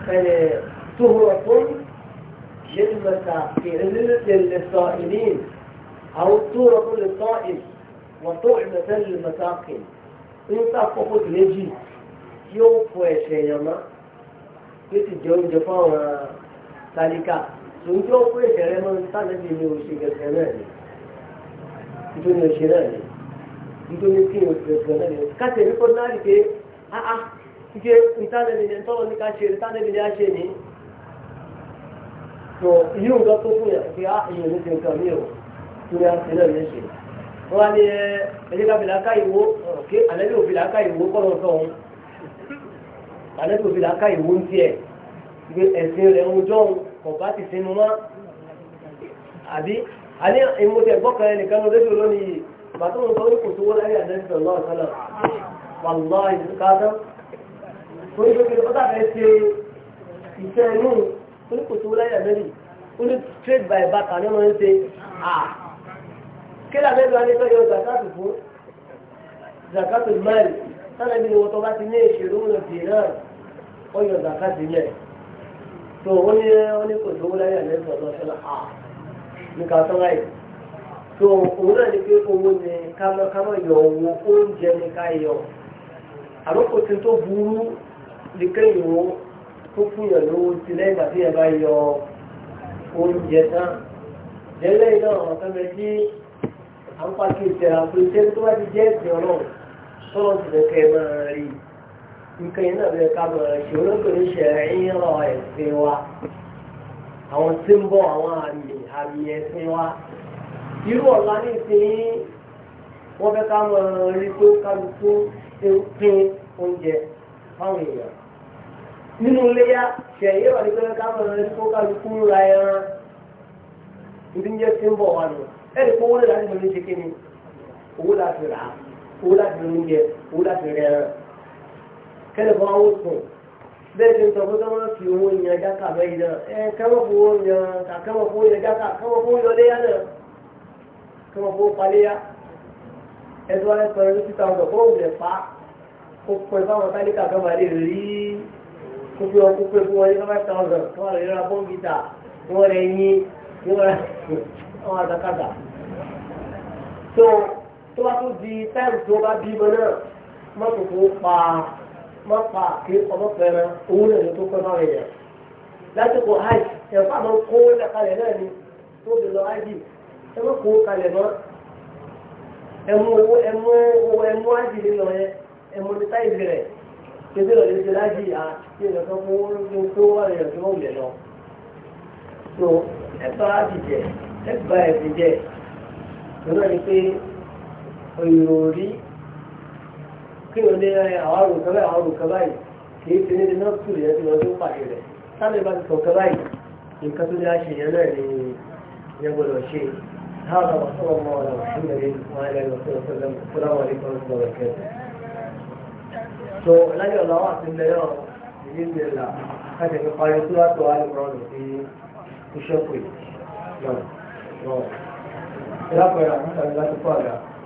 ẹ̀rẹ̀ tóhùrọ̀ fún ṣẹ́tùmọ̀ta ìrìnlẹ́sọ ìní àwọn tóhùrọ̀ fún lè sọ ì wọ́n tó ìmọ̀tẹ́lẹ̀ mọ̀tàkì ń sàkókò tìlẹ́jì yóò fọ ẹ̀ṣẹ̀ yàn máa yóò sì jẹ oúnjẹ fún àwọn tálíkà tòun tí ó pé ìṣẹ̀rẹ́ mọ́ sálẹ́bí ni oṣù gẹ̀gẹ̀ náà ni nítorí oṣù náà ni nítorí kí oṣù gẹ̀gẹ̀ náà ni káṣẹ̀ ní kọ́ńtà rí pé áá ike ìtànẹ́bí ni tọ́lọ́ ní ká ṣe ìtànẹ́bí ni á ṣe ní. tó ìyí nǹkan tó fún yà pé á ìyẹn ní ti nǹkan mi ò torí á ṣe náà ní ṣe. wọ́n á ní ẹ ẹ̀jẹ̀ ká fìlà ká ìwó ọ̀rọ̀ ké alẹ́ tó fi làákà ìwó ń tiẹ̀ ìgbé ẹ̀sìn rẹ̀ ń jọ́ ọ̀bá ti sinmi wá àbí alẹ́ ìmọ̀tẹ̀ gbọ́kàn ẹnìkan ló rédíò lónìí bàtà òun sọ ní kò tó wọ́n láyé àdẹ́sì ọ̀lá ọ̀sán náà wàlúwà ìdúkàtà tó ń gbé ọ̀tà fẹ́ ṣe iṣẹ́ inú tó ní kò tó wọ́n láyé àdẹ́sì ó ní trade ni wọ́n tọ́ bá ti ní ìṣèlú náà ó yọ zaka sílẹ̀ tó ó ní ó ní kò sówó láyé àlẹ́ sọ̀rọ̀ sọ́nà à nìkan tó láyé tó òun náà ní pé owó ni kámọ́ yọ owó oúnjẹ ní ká yọ àlọ́kò tí tó burú ní kéyìn o tó fún yàn lówó ti lẹ́yìn ìgbà tí yẹn bá yọ oúnjẹ tán délé iná ọ̀rọ̀ fẹ́mi tí à ń pàkíyèsí ẹ̀rọ àpò ìṣẹ́ tó bá ti jẹ́ ẹ̀sìn ọlọ́run tọ́lọ́ ti lè máa rí i nǹkan yẹn náà bẹ̀rẹ̀ ká bẹ̀rẹ̀ ṣe olókèrè ṣe ìrọ̀ ẹ̀sìn wa àwọn tí ń bọ̀ àwọn àmì àmì ẹ̀sìn wa irú ọ̀la ní ìsìn wọ́n fẹ́ ká mọ̀ rí tó kálukú pín oúnjẹ fáwọn èèyàn nínú iléyà ṣe ìrọ̀ ní pẹ́ẹ́ ká mọ̀ rí tó kálukú ra ẹran ìdí ń jẹ́ tí ń bọ̀ wa nù ẹ̀rì pé owó láti lórí ṣe kí ni owó láti rà owó láti lórí oúnjẹ owó láti rẹ ẹran kẹ́lẹ̀ kan ó sùn bẹ́ẹ̀ ti ń sọ fún sọ́wọ́n fi owó yan jáka bẹ́ẹ̀ yẹn ẹ kẹ́wọ́n fowó yan kẹ́wọ́n fowó yan jáka kẹ́wọ́n fowó yọ léyà náà kẹ́wọ́n fowó paléyà ẹ̀dùn alẹ́ sọ̀rọ̀ ní títà ọ̀dọ̀ kó wùlẹ̀ pa kó pẹ́ fáwọn tálíkà kan máa lè rí kó pé wọn kó pé fún wọn ní five thousand kí wọn lè ra bọ́ǹgìtà kí wọn lè yín kí wọn lè àwọn àdàkàdà. tó tó bá tún di táìmù tó bá bímọ náà mọ́tò tó pa má pa àké ọmọ pẹ̀rẹ̀ owó náà ló tó pẹ́ máa rẹ̀ yẹn. lásìkò hajj ẹ̀fọ́ àmọ́ kó kalẹ̀ náà ni tó fi lọ hajj ẹ má kó kalẹ̀ mọ́ ẹmu owó ẹmu owó ẹmu hajj lè lọ yẹn ẹmu ní táìsì rẹ̀ kébé lọ lè ṣe hajj à ṣe ìrọ̀kọ́ kó kó wà rẹ̀ tó wọ́n lè lọ. tó ẹ bá hajj jẹ ẹ bá ẹ jẹ ìrọ̀ pé òyìnbó rí kí o ní àwọn àrùn kan báyìí àwọn àrùn kan báyìí kì í ti ní iná tù yẹn tí wọ́n tó pàdé rẹ̀ sáré bá ti sọ kan báyìí nǹkan tó ní àṣẹ yẹn náà ni yẹn gbọdọ̀ ṣe هذا وصلى الله على محمد وعلى اله وصحبه وسلم السلام عليكم ورحمه الله وبركاته. So láyé ọ̀la wà sí ilẹ̀ yọ̀ ní ilé ìlà káṣẹ̀ fi parí tó láti wà ní ìrọ̀rùn sí iṣẹ́ pè náà. Ìlàpẹ̀rẹ̀ àti ìtàgé láti fọ́ àgbà.